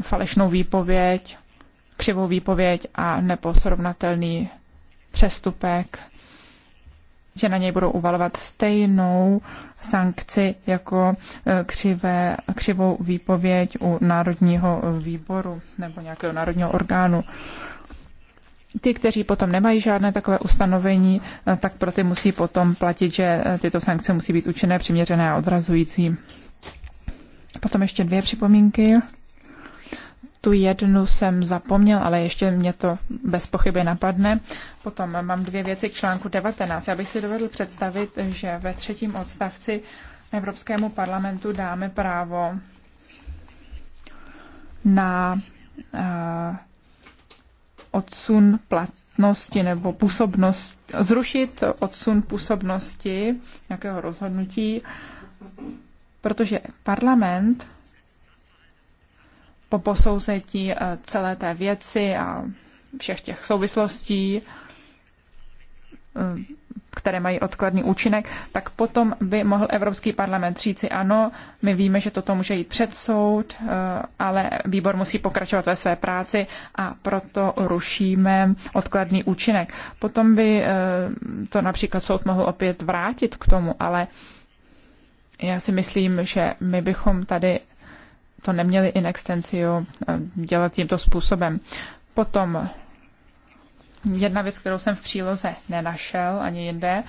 falešnou výpověď, křivou výpověď a nebo srovnatelný přestupek, že na něj budou uvalovat stejnou sankci jako e, křivé, křivou výpověď u Národního výboru nebo nějakého národního orgánu ty, kteří potom nemají žádné takové ustanovení, eh, tak pro ty musí potom platit, že eh, tyto sankce musí být účinné, přiměřené a odrazující. Potom ještě dvě připomínky. Tu jednu jsem zapomněl, ale ještě mě to bez pochyby napadne. Potom mám dvě věci k článku 19. Já bych si dovedl představit, že ve třetím odstavci Evropskému parlamentu dáme právo na uh, odsun platnosti nebo působnost, zrušit odsun působnosti nějakého rozhodnutí, protože parlament po posouzetí eh, celé té věci a všech těch souvislostí Eh, které mají odkladný účinek, tak potom by mohl Evropský parlament říci ano, my víme, že toto může jít před soud, eh, ale výbor musí pokračovat ve své práci a proto rušíme odkladný účinek. Potom by eh, to například soud mohl opět vrátit k tomu, ale já si myslím, že my bychom tady to neměli in extensio dělat tímto způsobem. Potom jedna věc, kterou jsem v příloze nenašel ani jinde,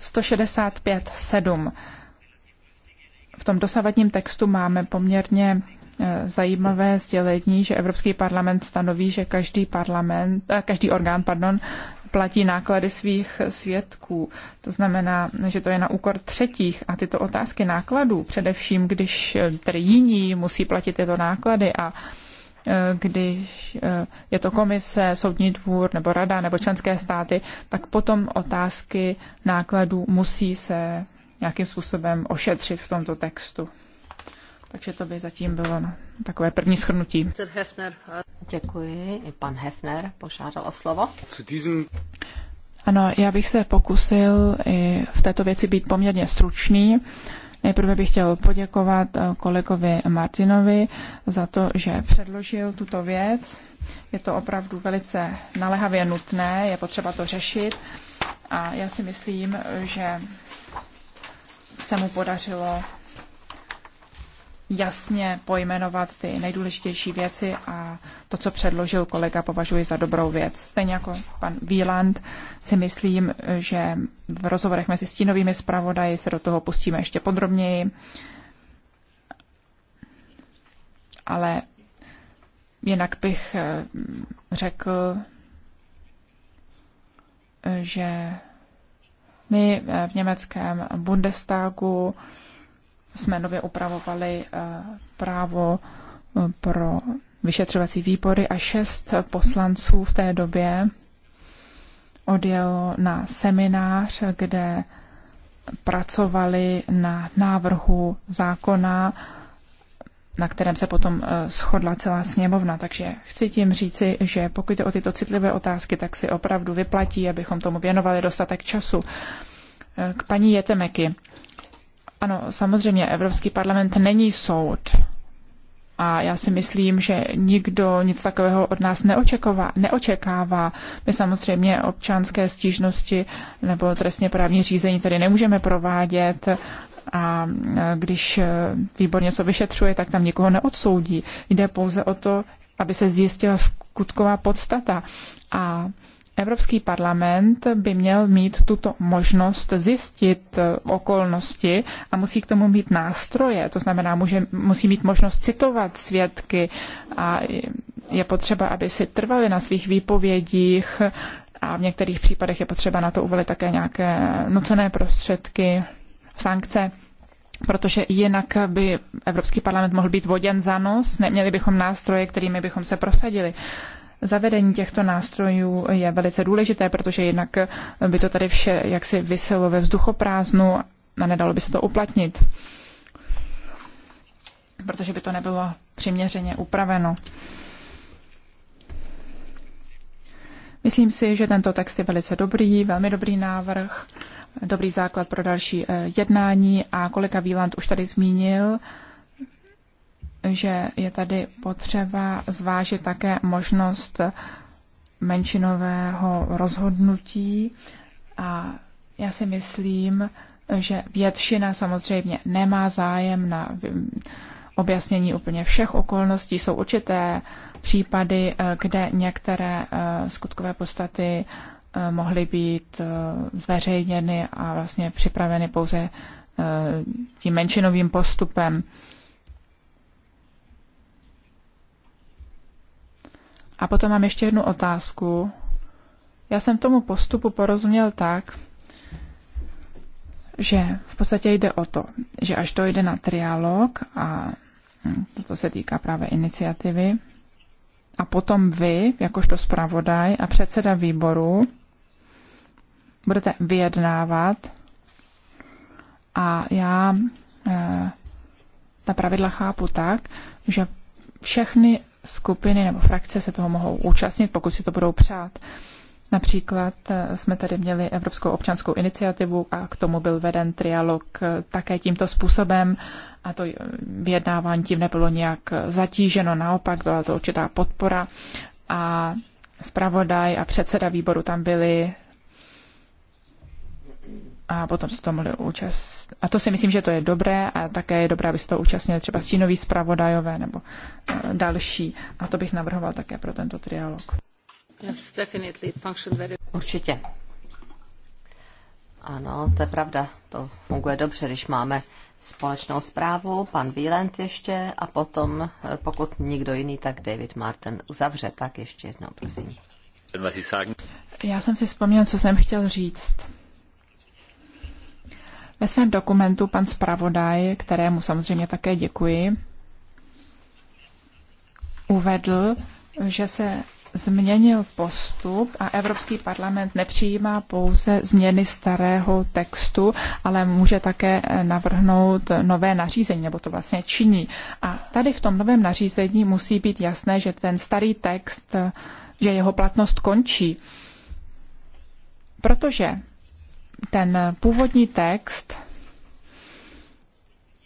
165.7. Eh, v tom dosavadním textu máme poměrně eh, zajímavé sdělení, že Evropský parlament stanoví, že každý, parlament, eh, každý orgán pardon, platí náklady svých svědků. To znamená, že to je na úkor třetích a tyto otázky nákladů, především když tedy jiní musí platit tyto náklady a Eh, když eh, je to komise, soudní dvůr nebo rada nebo členské státy, tak potom otázky nákladů musí se nějakým způsobem ošetřit v tomto textu. Takže to by zatím bylo takové první schrnutí. Děkuji. I pan Hefner požádal o slovo. Ano, já bych se pokusil i v této věci být poměrně stručný. Nejprve bych chtěl poděkovat eh, kolegovi Martinovi za to, že předložil tuto věc. Je to opravdu velice naléhavě nutné, je potřeba to řešit a já si myslím, že se mu podařilo jasně pojmenovat ty nejdůležitější věci a to, co předložil kolega, považuji za dobrou věc. Stejně jako pan Víland si myslím, že v rozhovorech mezi stínovými zpravodaji se do toho pustíme ještě podrobněji, ale jinak bych eh, řekl, že my eh, v německém Bundestagu jsme nově upravovali eh, právo eh, pro vyšetřovací výbory a šest poslanců v té době odjelo na seminář, kde pracovali na návrhu zákona, na kterém se potom eh, shodla celá sněmovna. Takže chci tím říci, že pokud je o tyto citlivé otázky, tak si opravdu vyplatí, abychom tomu věnovali dostatek času. K paní Jetemeky. Ano, samozřejmě, Evropský parlament není soud. A já si myslím, že nikdo nic takového od nás neočekává. neočekává. My samozřejmě občanské stížnosti nebo trestně právní řízení tady nemůžeme provádět a když výbor něco vyšetřuje, tak tam nikoho neodsoudí. Jde pouze o to, aby se zjistila skutková podstata. A Evropský parlament by měl mít tuto možnost zjistit eh, okolnosti a musí k tomu mít nástroje. To znamená, může, musí mít možnost citovat svědky a je potřeba, aby si trvali na svých výpovědích a v některých případech je potřeba na to uvolit také nějaké nucené prostředky, sankce protože jinak by Evropský parlament mohl být voděn za nos, neměli bychom nástroje, kterými bychom se prosadili. Zavedení těchto nástrojů je velice důležité, protože jinak by to tady vše jaksi vyselo ve vzduchoprázdnu a nedalo by se to uplatnit, protože by to nebylo přiměřeně upraveno. Myslím si, že tento text je velice dobrý, velmi dobrý návrh, dobrý základ pro další eh, jednání a kolega výland už tady zmínil, že je tady potřeba zvážit také možnost menšinového rozhodnutí a já si myslím, že většina samozřejmě nemá zájem na objasnění úplně všech okolností. Jsou určité případy, eh, kde některé eh, skutkové podstaty eh, mohly být zveřejněny a vlastně připraveny pouze tím menšinovým postupem. A potom mám ještě jednu otázku. Já jsem tomu postupu porozuměl tak, že v podstatě jde o to, že až to jde na triálog a to, co se týká právě iniciativy, a potom vy, jakožto zpravodaj a předseda výboru, budete vyjednávat a já e, ta pravidla chápu tak, že všechny skupiny nebo frakce se toho mohou účastnit, pokud si to budou přát. Například eh, jsme tady měli Evropskou občanskou iniciativu a k tomu byl veden trialog eh, také tímto způsobem a to eh, vyjednávání tím nebylo nějak zatíženo, naopak byla to určitá podpora a zpravodaj a předseda výboru tam byli a potom se to mohli účast. A to si myslím, že to je dobré a také je dobré, aby se to účastnili třeba stínoví zpravodajové nebo eh, další. A to bych navrhoval také pro tento trialog. Yes, definitely. It functioned very... Určitě. Ano, to je pravda. To funguje dobře, když máme společnou zprávu, pan Bílent ještě a potom, eh, pokud nikdo jiný, tak David Martin uzavře. Tak ještě jednou, prosím. Já jsem si vzpomněl, co jsem chtěl říct. Ve svém dokumentu pan zpravodaj, kterému samozřejmě také děkuji, uvedl, že se změnil postup a Evropský parlament nepřijímá pouze změny starého textu, ale může také navrhnout nové nařízení, nebo to vlastně činí. A tady v tom novém nařízení musí být jasné, že ten starý text, že jeho platnost končí. Protože ten původní text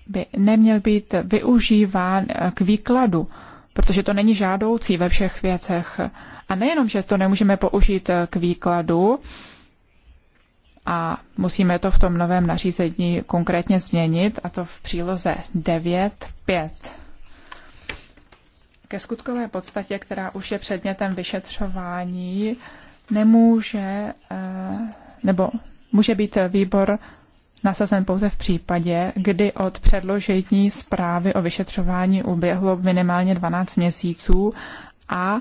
by neměl být využíván k výkladu, protože to není žádoucí ve všech věcech. A nejenom, že to nemůžeme použít k výkladu, a musíme to v tom novém nařízení konkrétně změnit, a to v příloze 9.5. Ke skutkové podstatě, která už je předmětem vyšetřování, nemůže eh, nebo může být výbor nasazen pouze v případě, kdy od předložení zprávy o vyšetřování uběhlo minimálně 12 měsíců a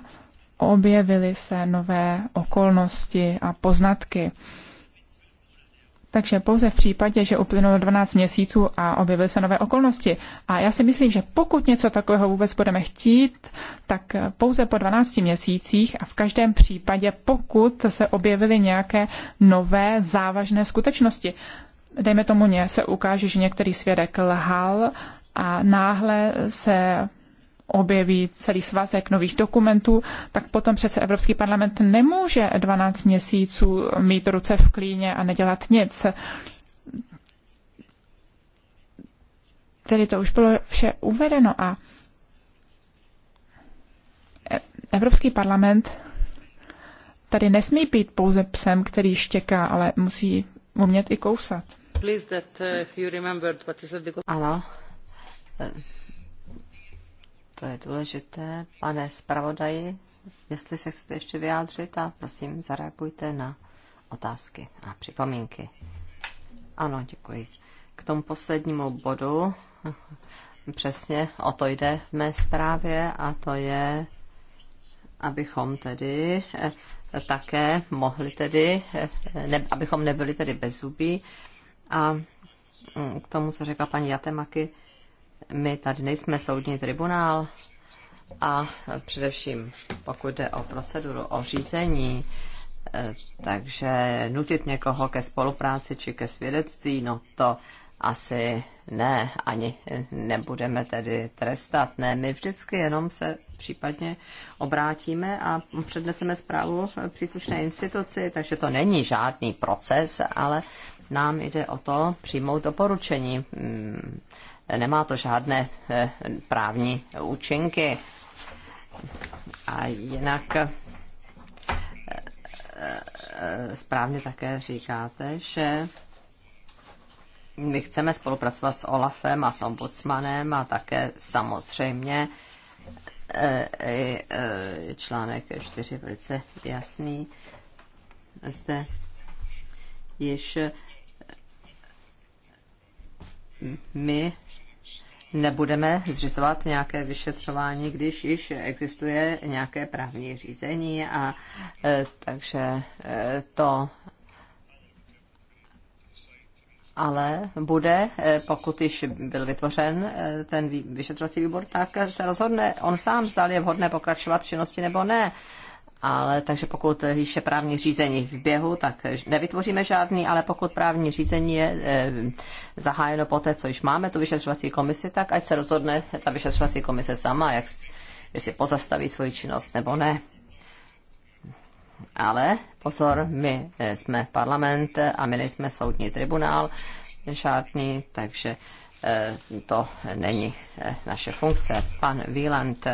objevily se nové okolnosti a poznatky. Takže pouze v případě, že uplynulo 12 měsíců a objevily se nové okolnosti. A já si myslím, že pokud něco takového vůbec budeme chtít, tak pouze po 12 měsících a v každém případě, pokud se objevily nějaké nové závažné skutečnosti. Dejme tomu, ně se ukáže, že některý svědek lhal a náhle se objeví celý svazek nových dokumentů, tak potom přece Evropský parlament nemůže 12 měsíců mít ruce v klíně a nedělat nic. Tedy to už bylo vše uvedeno a Evropský parlament tady nesmí být pouze psem, který štěká, ale musí umět i kousat. Uh, ano, to je důležité. Pane zpravodaji, jestli se chcete ještě vyjádřit a prosím zareagujte na otázky a připomínky. Ano, děkuji. K tomu poslednímu bodu přesně o to jde v mé zprávě a to je, abychom tedy eh, také mohli tedy, eh, ne, abychom nebyli tedy bez zubí a mm, k tomu, co řekla paní Jatemaky, my tady nejsme soudní tribunál a především pokud jde o proceduru, o řízení, eh, takže nutit někoho ke spolupráci či ke svědectví, no to asi ne, ani nebudeme tedy trestat. Ne, my vždycky jenom se případně obrátíme a předneseme zprávu příslušné instituci, takže to není žádný proces, ale nám jde o to přijmout doporučení hmm, nemá to žádné eh, právní účinky. A jinak eh, eh, správně také říkáte, že my chceme spolupracovat s OLAFem a s ombudsmanem a také samozřejmě i článek 4 velice jasný. Zde již my nebudeme zřizovat nějaké vyšetřování, když již existuje nějaké právní řízení a e, takže e, to ale bude, e, pokud již byl vytvořen ten vyšetřovací výbor, tak se rozhodne on sám, zda je vhodné pokračovat v činnosti nebo ne ale takže pokud již je právní řízení v běhu, tak nevytvoříme žádný, ale pokud právní řízení je eh, zahájeno poté, co již máme tu vyšetřovací komisi, tak ať se rozhodne ta vyšetřovací komise sama, jak, jestli pozastaví svoji činnost nebo ne. Ale pozor, my eh, jsme parlament a my nejsme soudní tribunál žádný, takže eh, to není naše funkce. Pan Wieland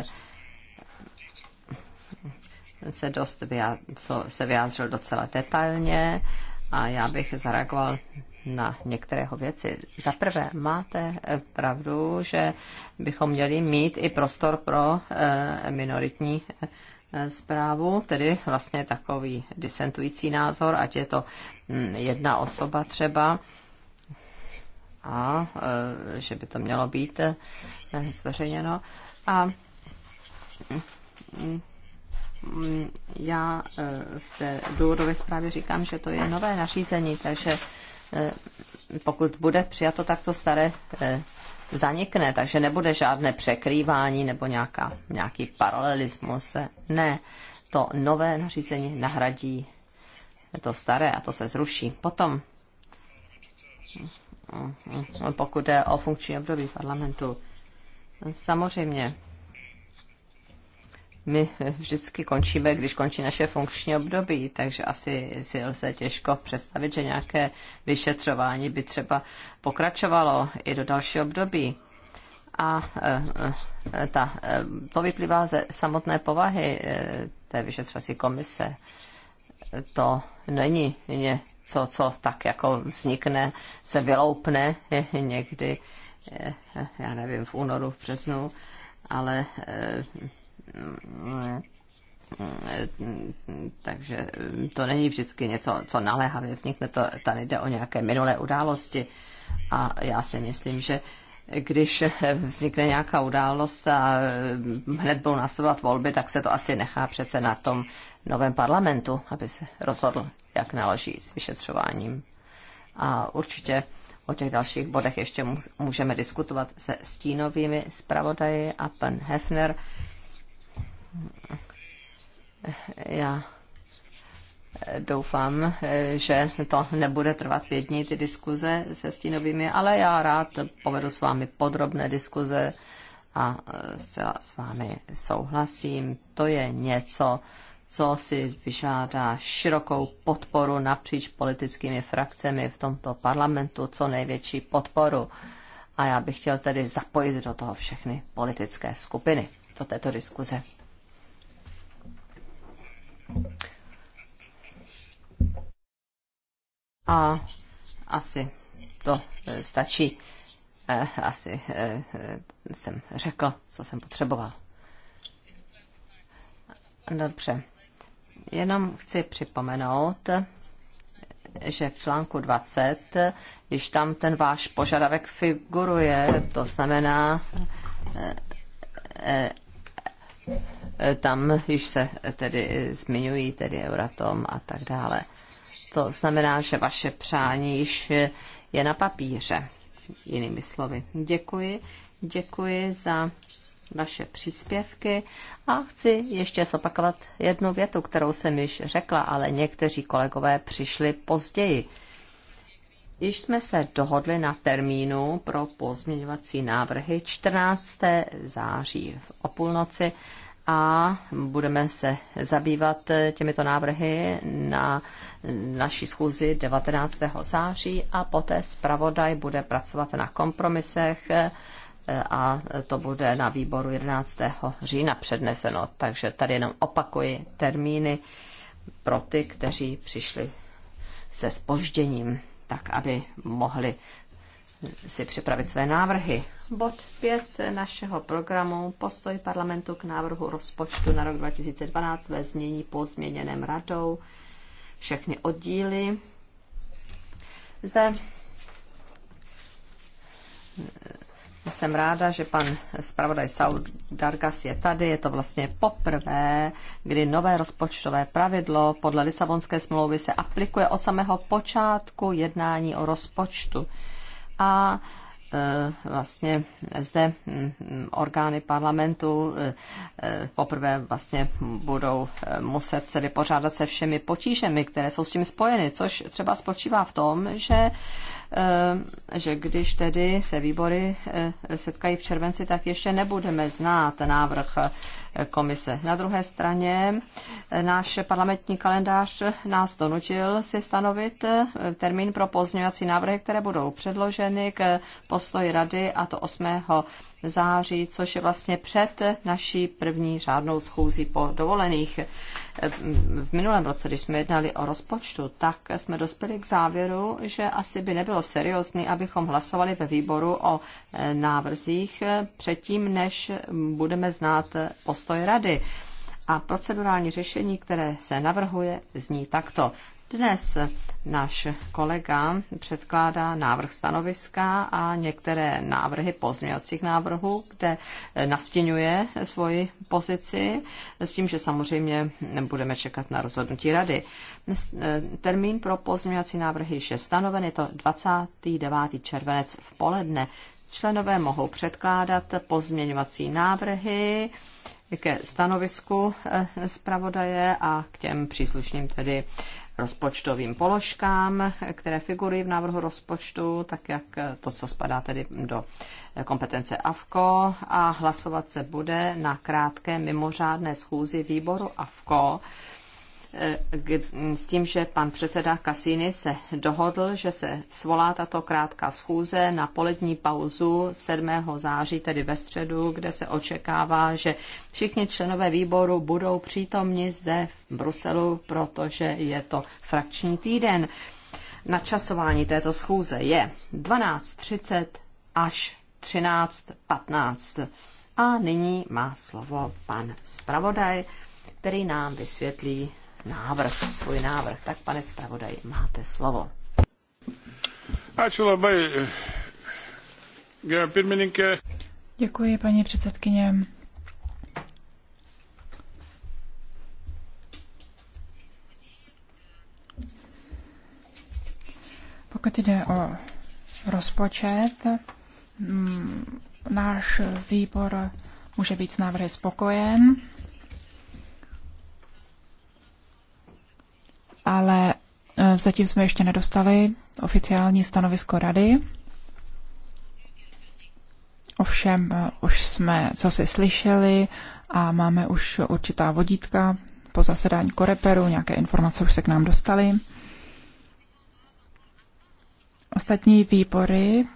se dost vyjádřil, co se vyjádřil docela detailně a já bych zareagoval na některého věci. Za prvé, máte eh, pravdu, že bychom měli mít i prostor pro eh, minoritní eh, zprávu, tedy vlastně takový disentující názor, ať je to hm, jedna osoba třeba, a že by to mělo být zveřejněno. A hm, já eh, v té důvodové zprávě říkám, že to je nové nařízení, takže eh, pokud bude přijato, tak to staré eh, zanikne, takže nebude žádné překrývání nebo nějaká, nějaký paralelismus. Ne, to nové nařízení nahradí to staré a to se zruší. Potom, pokud jde o funkční období parlamentu, samozřejmě my vždycky končíme, když končí naše funkční období, takže asi si lze těžko představit, že nějaké vyšetřování by třeba pokračovalo i do dalšího období. A e, e, ta, e, to vyplývá ze samotné povahy té vyšetřovací komise. To není něco, co tak jako vznikne, se vyloupne někdy, já nevím, v únoru, v březnu, ale takže mm, to není vždycky něco, co naléhavě vznikne, to, tady jde o nějaké minulé události a já si myslím, že když vznikne nějaká událost a mm, hned budou následovat volby, tak se to asi nechá přece na tom novém parlamentu, aby se rozhodl, jak naloží s vyšetřováním. A určitě o těch dalších bodech ještě můžeme diskutovat se stínovými zpravodaji a pan Hefner já doufám, že to nebude trvat pět dní, ty diskuze se stínovými, ale já rád povedu s vámi podrobné diskuze a zcela s vámi souhlasím. To je něco, co si vyžádá širokou podporu napříč politickými frakcemi v tomto parlamentu, co největší podporu. A já bych chtěl tedy zapojit do toho všechny politické skupiny, do této diskuze. A asi to e, stačí. E, asi e, jsem řekl, co jsem potřeboval. Dobře. Jenom chci připomenout, že v článku 20, když tam ten váš požadavek figuruje, to znamená Eh, tam již se eh, tedy eh, zmiňují tedy Euratom a tak dále. To znamená, že vaše přání již je na papíře, jinými slovy. Děkuji, děkuji za vaše příspěvky a chci ještě zopakovat jednu větu, kterou jsem již řekla, ale někteří kolegové přišli později. Již jsme se dohodli na termínu pro pozměňovací návrhy 14. září o půlnoci a budeme se zabývat eh, těmito návrhy na naší schůzi 19. září a poté zpravodaj bude pracovat na kompromisech eh, a to bude na výboru 11. října předneseno. Takže tady jenom opakuji termíny pro ty, kteří přišli se spožděním, tak aby mohli si připravit své návrhy bod 5 našeho programu Postoj parlamentu k návrhu rozpočtu na rok 2012 ve po změněném radou všechny oddíly. Zde jsem ráda, že pan zpravodaj Saudargas je tady. Je to vlastně poprvé, kdy nové rozpočtové pravidlo podle Lisabonské smlouvy se aplikuje od samého počátku jednání o rozpočtu. A Eh, vlastně zde hm, orgány parlamentu eh, poprvé vlastně budou eh, muset se vypořádat se všemi potížemi, které jsou s tím spojeny, což třeba spočívá v tom, že že když tedy se výbory setkají v červenci, tak ještě nebudeme znát návrh komise. Na druhé straně eh, náš parlamentní kalendář nás donutil si stanovit eh, termín pro pozměňovací návrhy, které budou předloženy k postoji rady a to 8. září, což je vlastně před naší první řádnou schůzí po dovolených. Eh, v minulém roce, když jsme jednali o rozpočtu, tak jsme dospěli k závěru, že asi by nebylo seriózní, abychom hlasovali ve výboru o návrzích předtím, než budeme znát postoji postoj rady. A procedurální řešení, které se navrhuje, zní takto. Dnes náš kolega předkládá návrh stanoviska a některé návrhy pozměňovacích návrhů, kde nastěňuje svoji pozici s tím, že samozřejmě budeme čekat na rozhodnutí rady. Termín pro pozměňovací návrhy je stanoven, je to 29. červenec v poledne. Členové mohou předkládat pozměňovací návrhy ke stanovisku eh, zpravodaje a k těm příslušným tedy rozpočtovým položkám, které figurují v návrhu rozpočtu, tak jak to, co spadá tedy do eh, kompetence AFKO a hlasovat se bude na krátké mimořádné schůzi výboru AFKO Eh, s tím, že pan předseda Cassini se dohodl, že se svolá tato krátká schůze na polední pauzu 7. září, tedy ve středu, kde se očekává, že všichni členové výboru budou přítomni zde v Bruselu, protože je to frakční týden. Načasování této schůze je 12.30 až 13.15. A nyní má slovo pan zpravodaj, který nám vysvětlí návrh, svůj návrh. Tak, pane zpravodaj, máte slovo. Eh, Děkuji, paní předsedkyně. Pokud jde o rozpočet, mm, náš výbor může být s návrhy spokojen. ale eh, zatím jsme ještě nedostali oficiální stanovisko rady. Ovšem, eh, už jsme co si slyšeli a máme už určitá vodítka po zasedání Koreperu, nějaké informace už se k nám dostaly. Ostatní výbory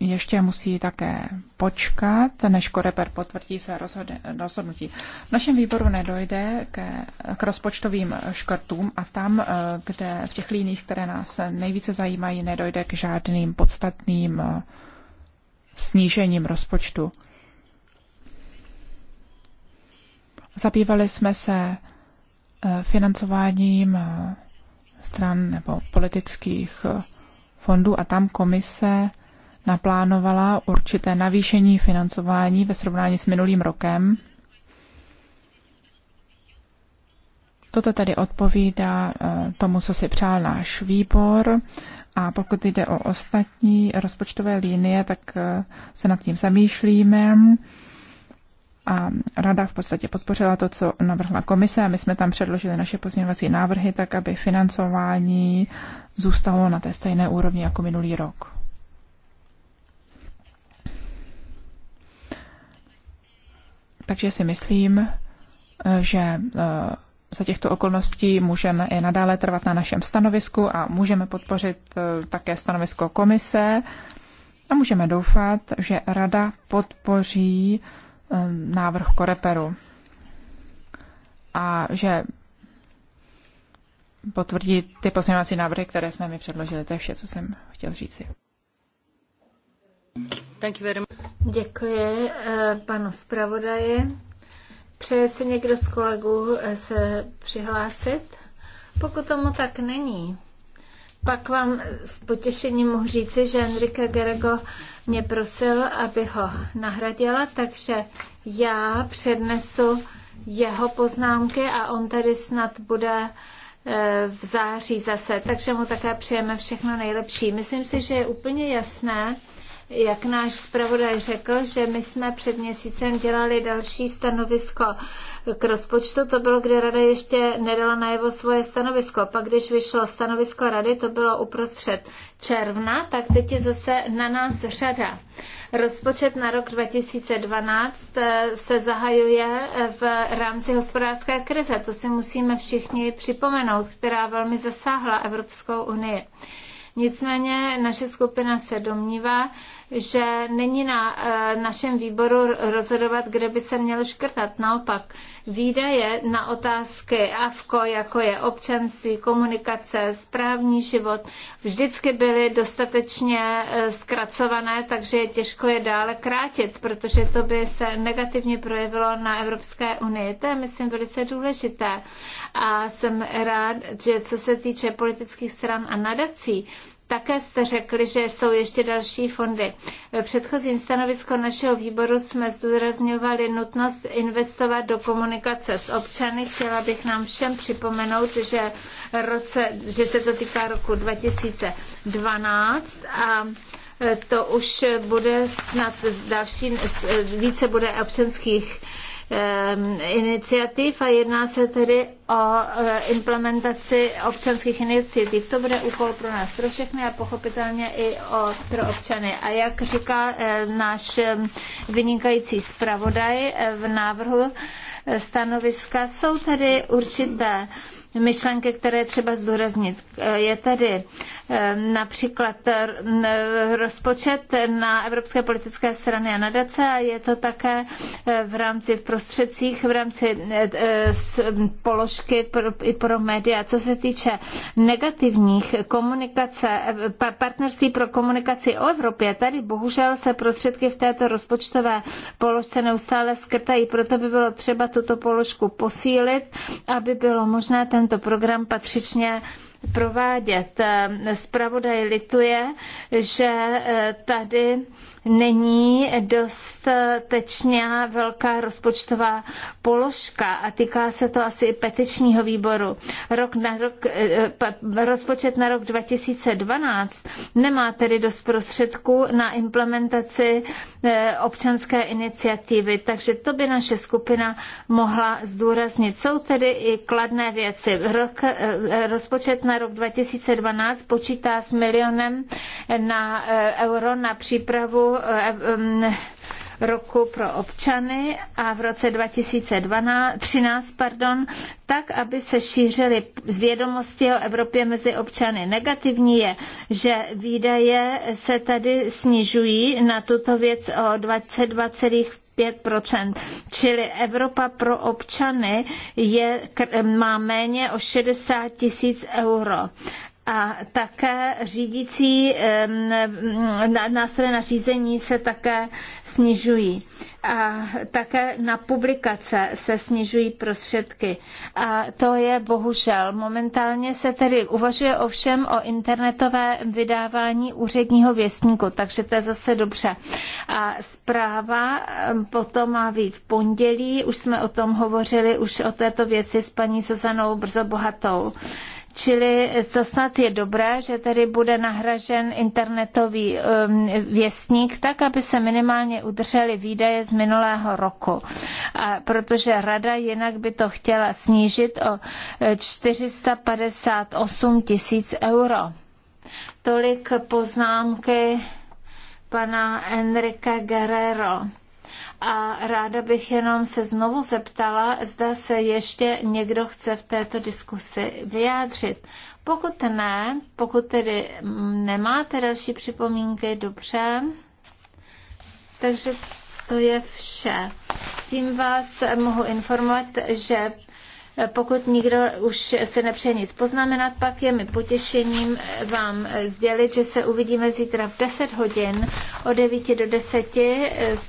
ještě musí také počkat, než Koreper potvrdí své rozhodnutí. V našem výboru nedojde ke, k rozpočtovým škrtům a tam, eh, kde v těch líních, které nás nejvíce zajímají, nedojde k žádným podstatným eh, snížením rozpočtu. Zabývali jsme se eh, financováním stran nebo politických fondů a tam komise naplánovala určité navýšení financování ve srovnání s minulým rokem. Toto tedy odpovídá eh, tomu, co si přál náš výbor. A pokud jde o ostatní rozpočtové linie, tak eh, se nad tím zamýšlíme. A rada v podstatě podpořila to, co navrhla komise a my jsme tam předložili naše pozměňovací návrhy, tak aby financování zůstalo na té stejné úrovni jako minulý rok. Takže si myslím, eh, že eh, za těchto okolností můžeme i nadále trvat na našem stanovisku a můžeme podpořit eh, také stanovisko komise a můžeme doufat, že rada podpoří návrh koreperu a že potvrdí ty pozměňovací návrhy, které jsme mi předložili. To je vše, co jsem chtěl říci. Děkuji eh, panu zpravodaji. Přeje se někdo z kolegů eh, se přihlásit? Pokud tomu tak není, pak vám s potěšením mohu říci, že Enrique Gerego mě prosil, aby ho nahradila, takže já přednesu jeho poznámky a on tady snad bude eh, v září zase, takže mu také přejeme všechno nejlepší. Myslím si, že je úplně jasné, jak náš zpravodaj řekl, že my jsme před měsícem dělali další stanovisko k rozpočtu, to bylo, kde rada ještě nedala najevo svoje stanovisko. Pak, když vyšlo stanovisko rady, to bylo uprostřed června, tak teď je zase na nás řada. Rozpočet na rok 2012 eh, se zahajuje v rámci hospodářské krize. To si musíme všichni připomenout, která velmi zasáhla Evropskou unii. Nicméně naše skupina se domnívá, že není na eh, našem výboru rozhodovat, kde by se mělo škrtat. Naopak, výdaje na otázky AFKO, jako je občanství, komunikace, správní život, vždycky byly dostatečně eh, zkracované, takže je těžko je dále krátit, protože to by se negativně projevilo na Evropské unii. To je, myslím, velice důležité. A jsem rád, že co se týče politických stran a nadací, také jste řekli, že jsou ještě další fondy. V předchozím stanovisku našeho výboru jsme zdůrazňovali nutnost investovat do komunikace s občany. Chtěla bych nám všem připomenout, že, roce, že se to týká roku 2012 a e, to už bude snad další, více bude občanských Ehm, iniciativ a jedná se tedy o eh, implementaci občanských iniciativ. To bude úkol pro nás, pro všechny a pochopitelně i o, pro občany. A jak říká eh, náš ehm, vynikající zpravodaj eh, v návrhu stanoviska, jsou tady určité myšlenky, které třeba zdůraznit. Je tady Eh, například eh, rozpočet na evropské politické strany a nadace a je to také eh, v rámci prostředcích, v rámci položky pro, i pro média. Co se týče negativních komunikace, partnerství pro komunikaci o Evropě, tady bohužel se prostředky v této rozpočtové položce neustále skrtají, proto by bylo třeba tuto položku posílit, aby bylo možné tento program patřičně provádět. Spravodaj lituje, že tady není dostatečně velká rozpočtová položka a týká se to asi i petičního výboru. Rok na rok, eh, rozpočet na rok 2012 nemá tedy dost prostředků na implementaci eh, občanské iniciativy, takže to by naše skupina mohla zdůraznit. Jsou tedy i kladné věci. Rok, eh, rozpočet na na rok 2012 počítá s milionem na eh, euro na přípravu eh, roku pro občany a v roce 2013, pardon, tak, aby se šířily vědomosti o Evropě mezi občany. Negativní je, že výdaje se tady snižují na tuto věc o 22,5 5%. Čili Evropa pro občany je, má méně o 60 tisíc euro a také řídící nástroje na řízení se také snižují a také na publikace se snižují prostředky. A to je bohužel. Momentálně se tedy uvažuje ovšem o internetové vydávání úředního věstníku, takže to je zase dobře. A zpráva ehm, potom má být v pondělí, už jsme o tom hovořili, už o této věci s paní Zuzanou Brzo Bohatou. Čili to snad je dobré, že tedy bude nahražen internetový ehm, věstník, tak aby se minimálně udržely výdaje z minulého roku, a protože rada jinak by to chtěla snížit o 458 e, tisíc euro. Tolik poznámky pana Enrique Guerrero. A ráda bych jenom se znovu zeptala, zda se ještě někdo chce v této diskusi vyjádřit. Pokud ne, pokud tedy nemáte další připomínky, dobře. Takže to je vše. Tím vás mohu informovat, že pokud nikdo už se nepřeje nic poznamenat, pak je mi potěšením vám sdělit, že se uvidíme zítra v 10 hodin. Od 9 do 10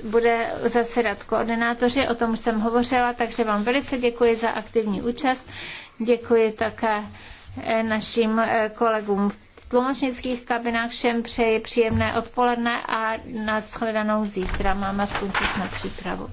bude zasedat koordinátoři, o tom jsem hovořila, takže vám velice děkuji za aktivní účast. Děkuji také našim kolegům v tlumočnických kabinách všem přeji příjemné odpoledne a nashledanou zítra. Máme aspoň čas na přípravu.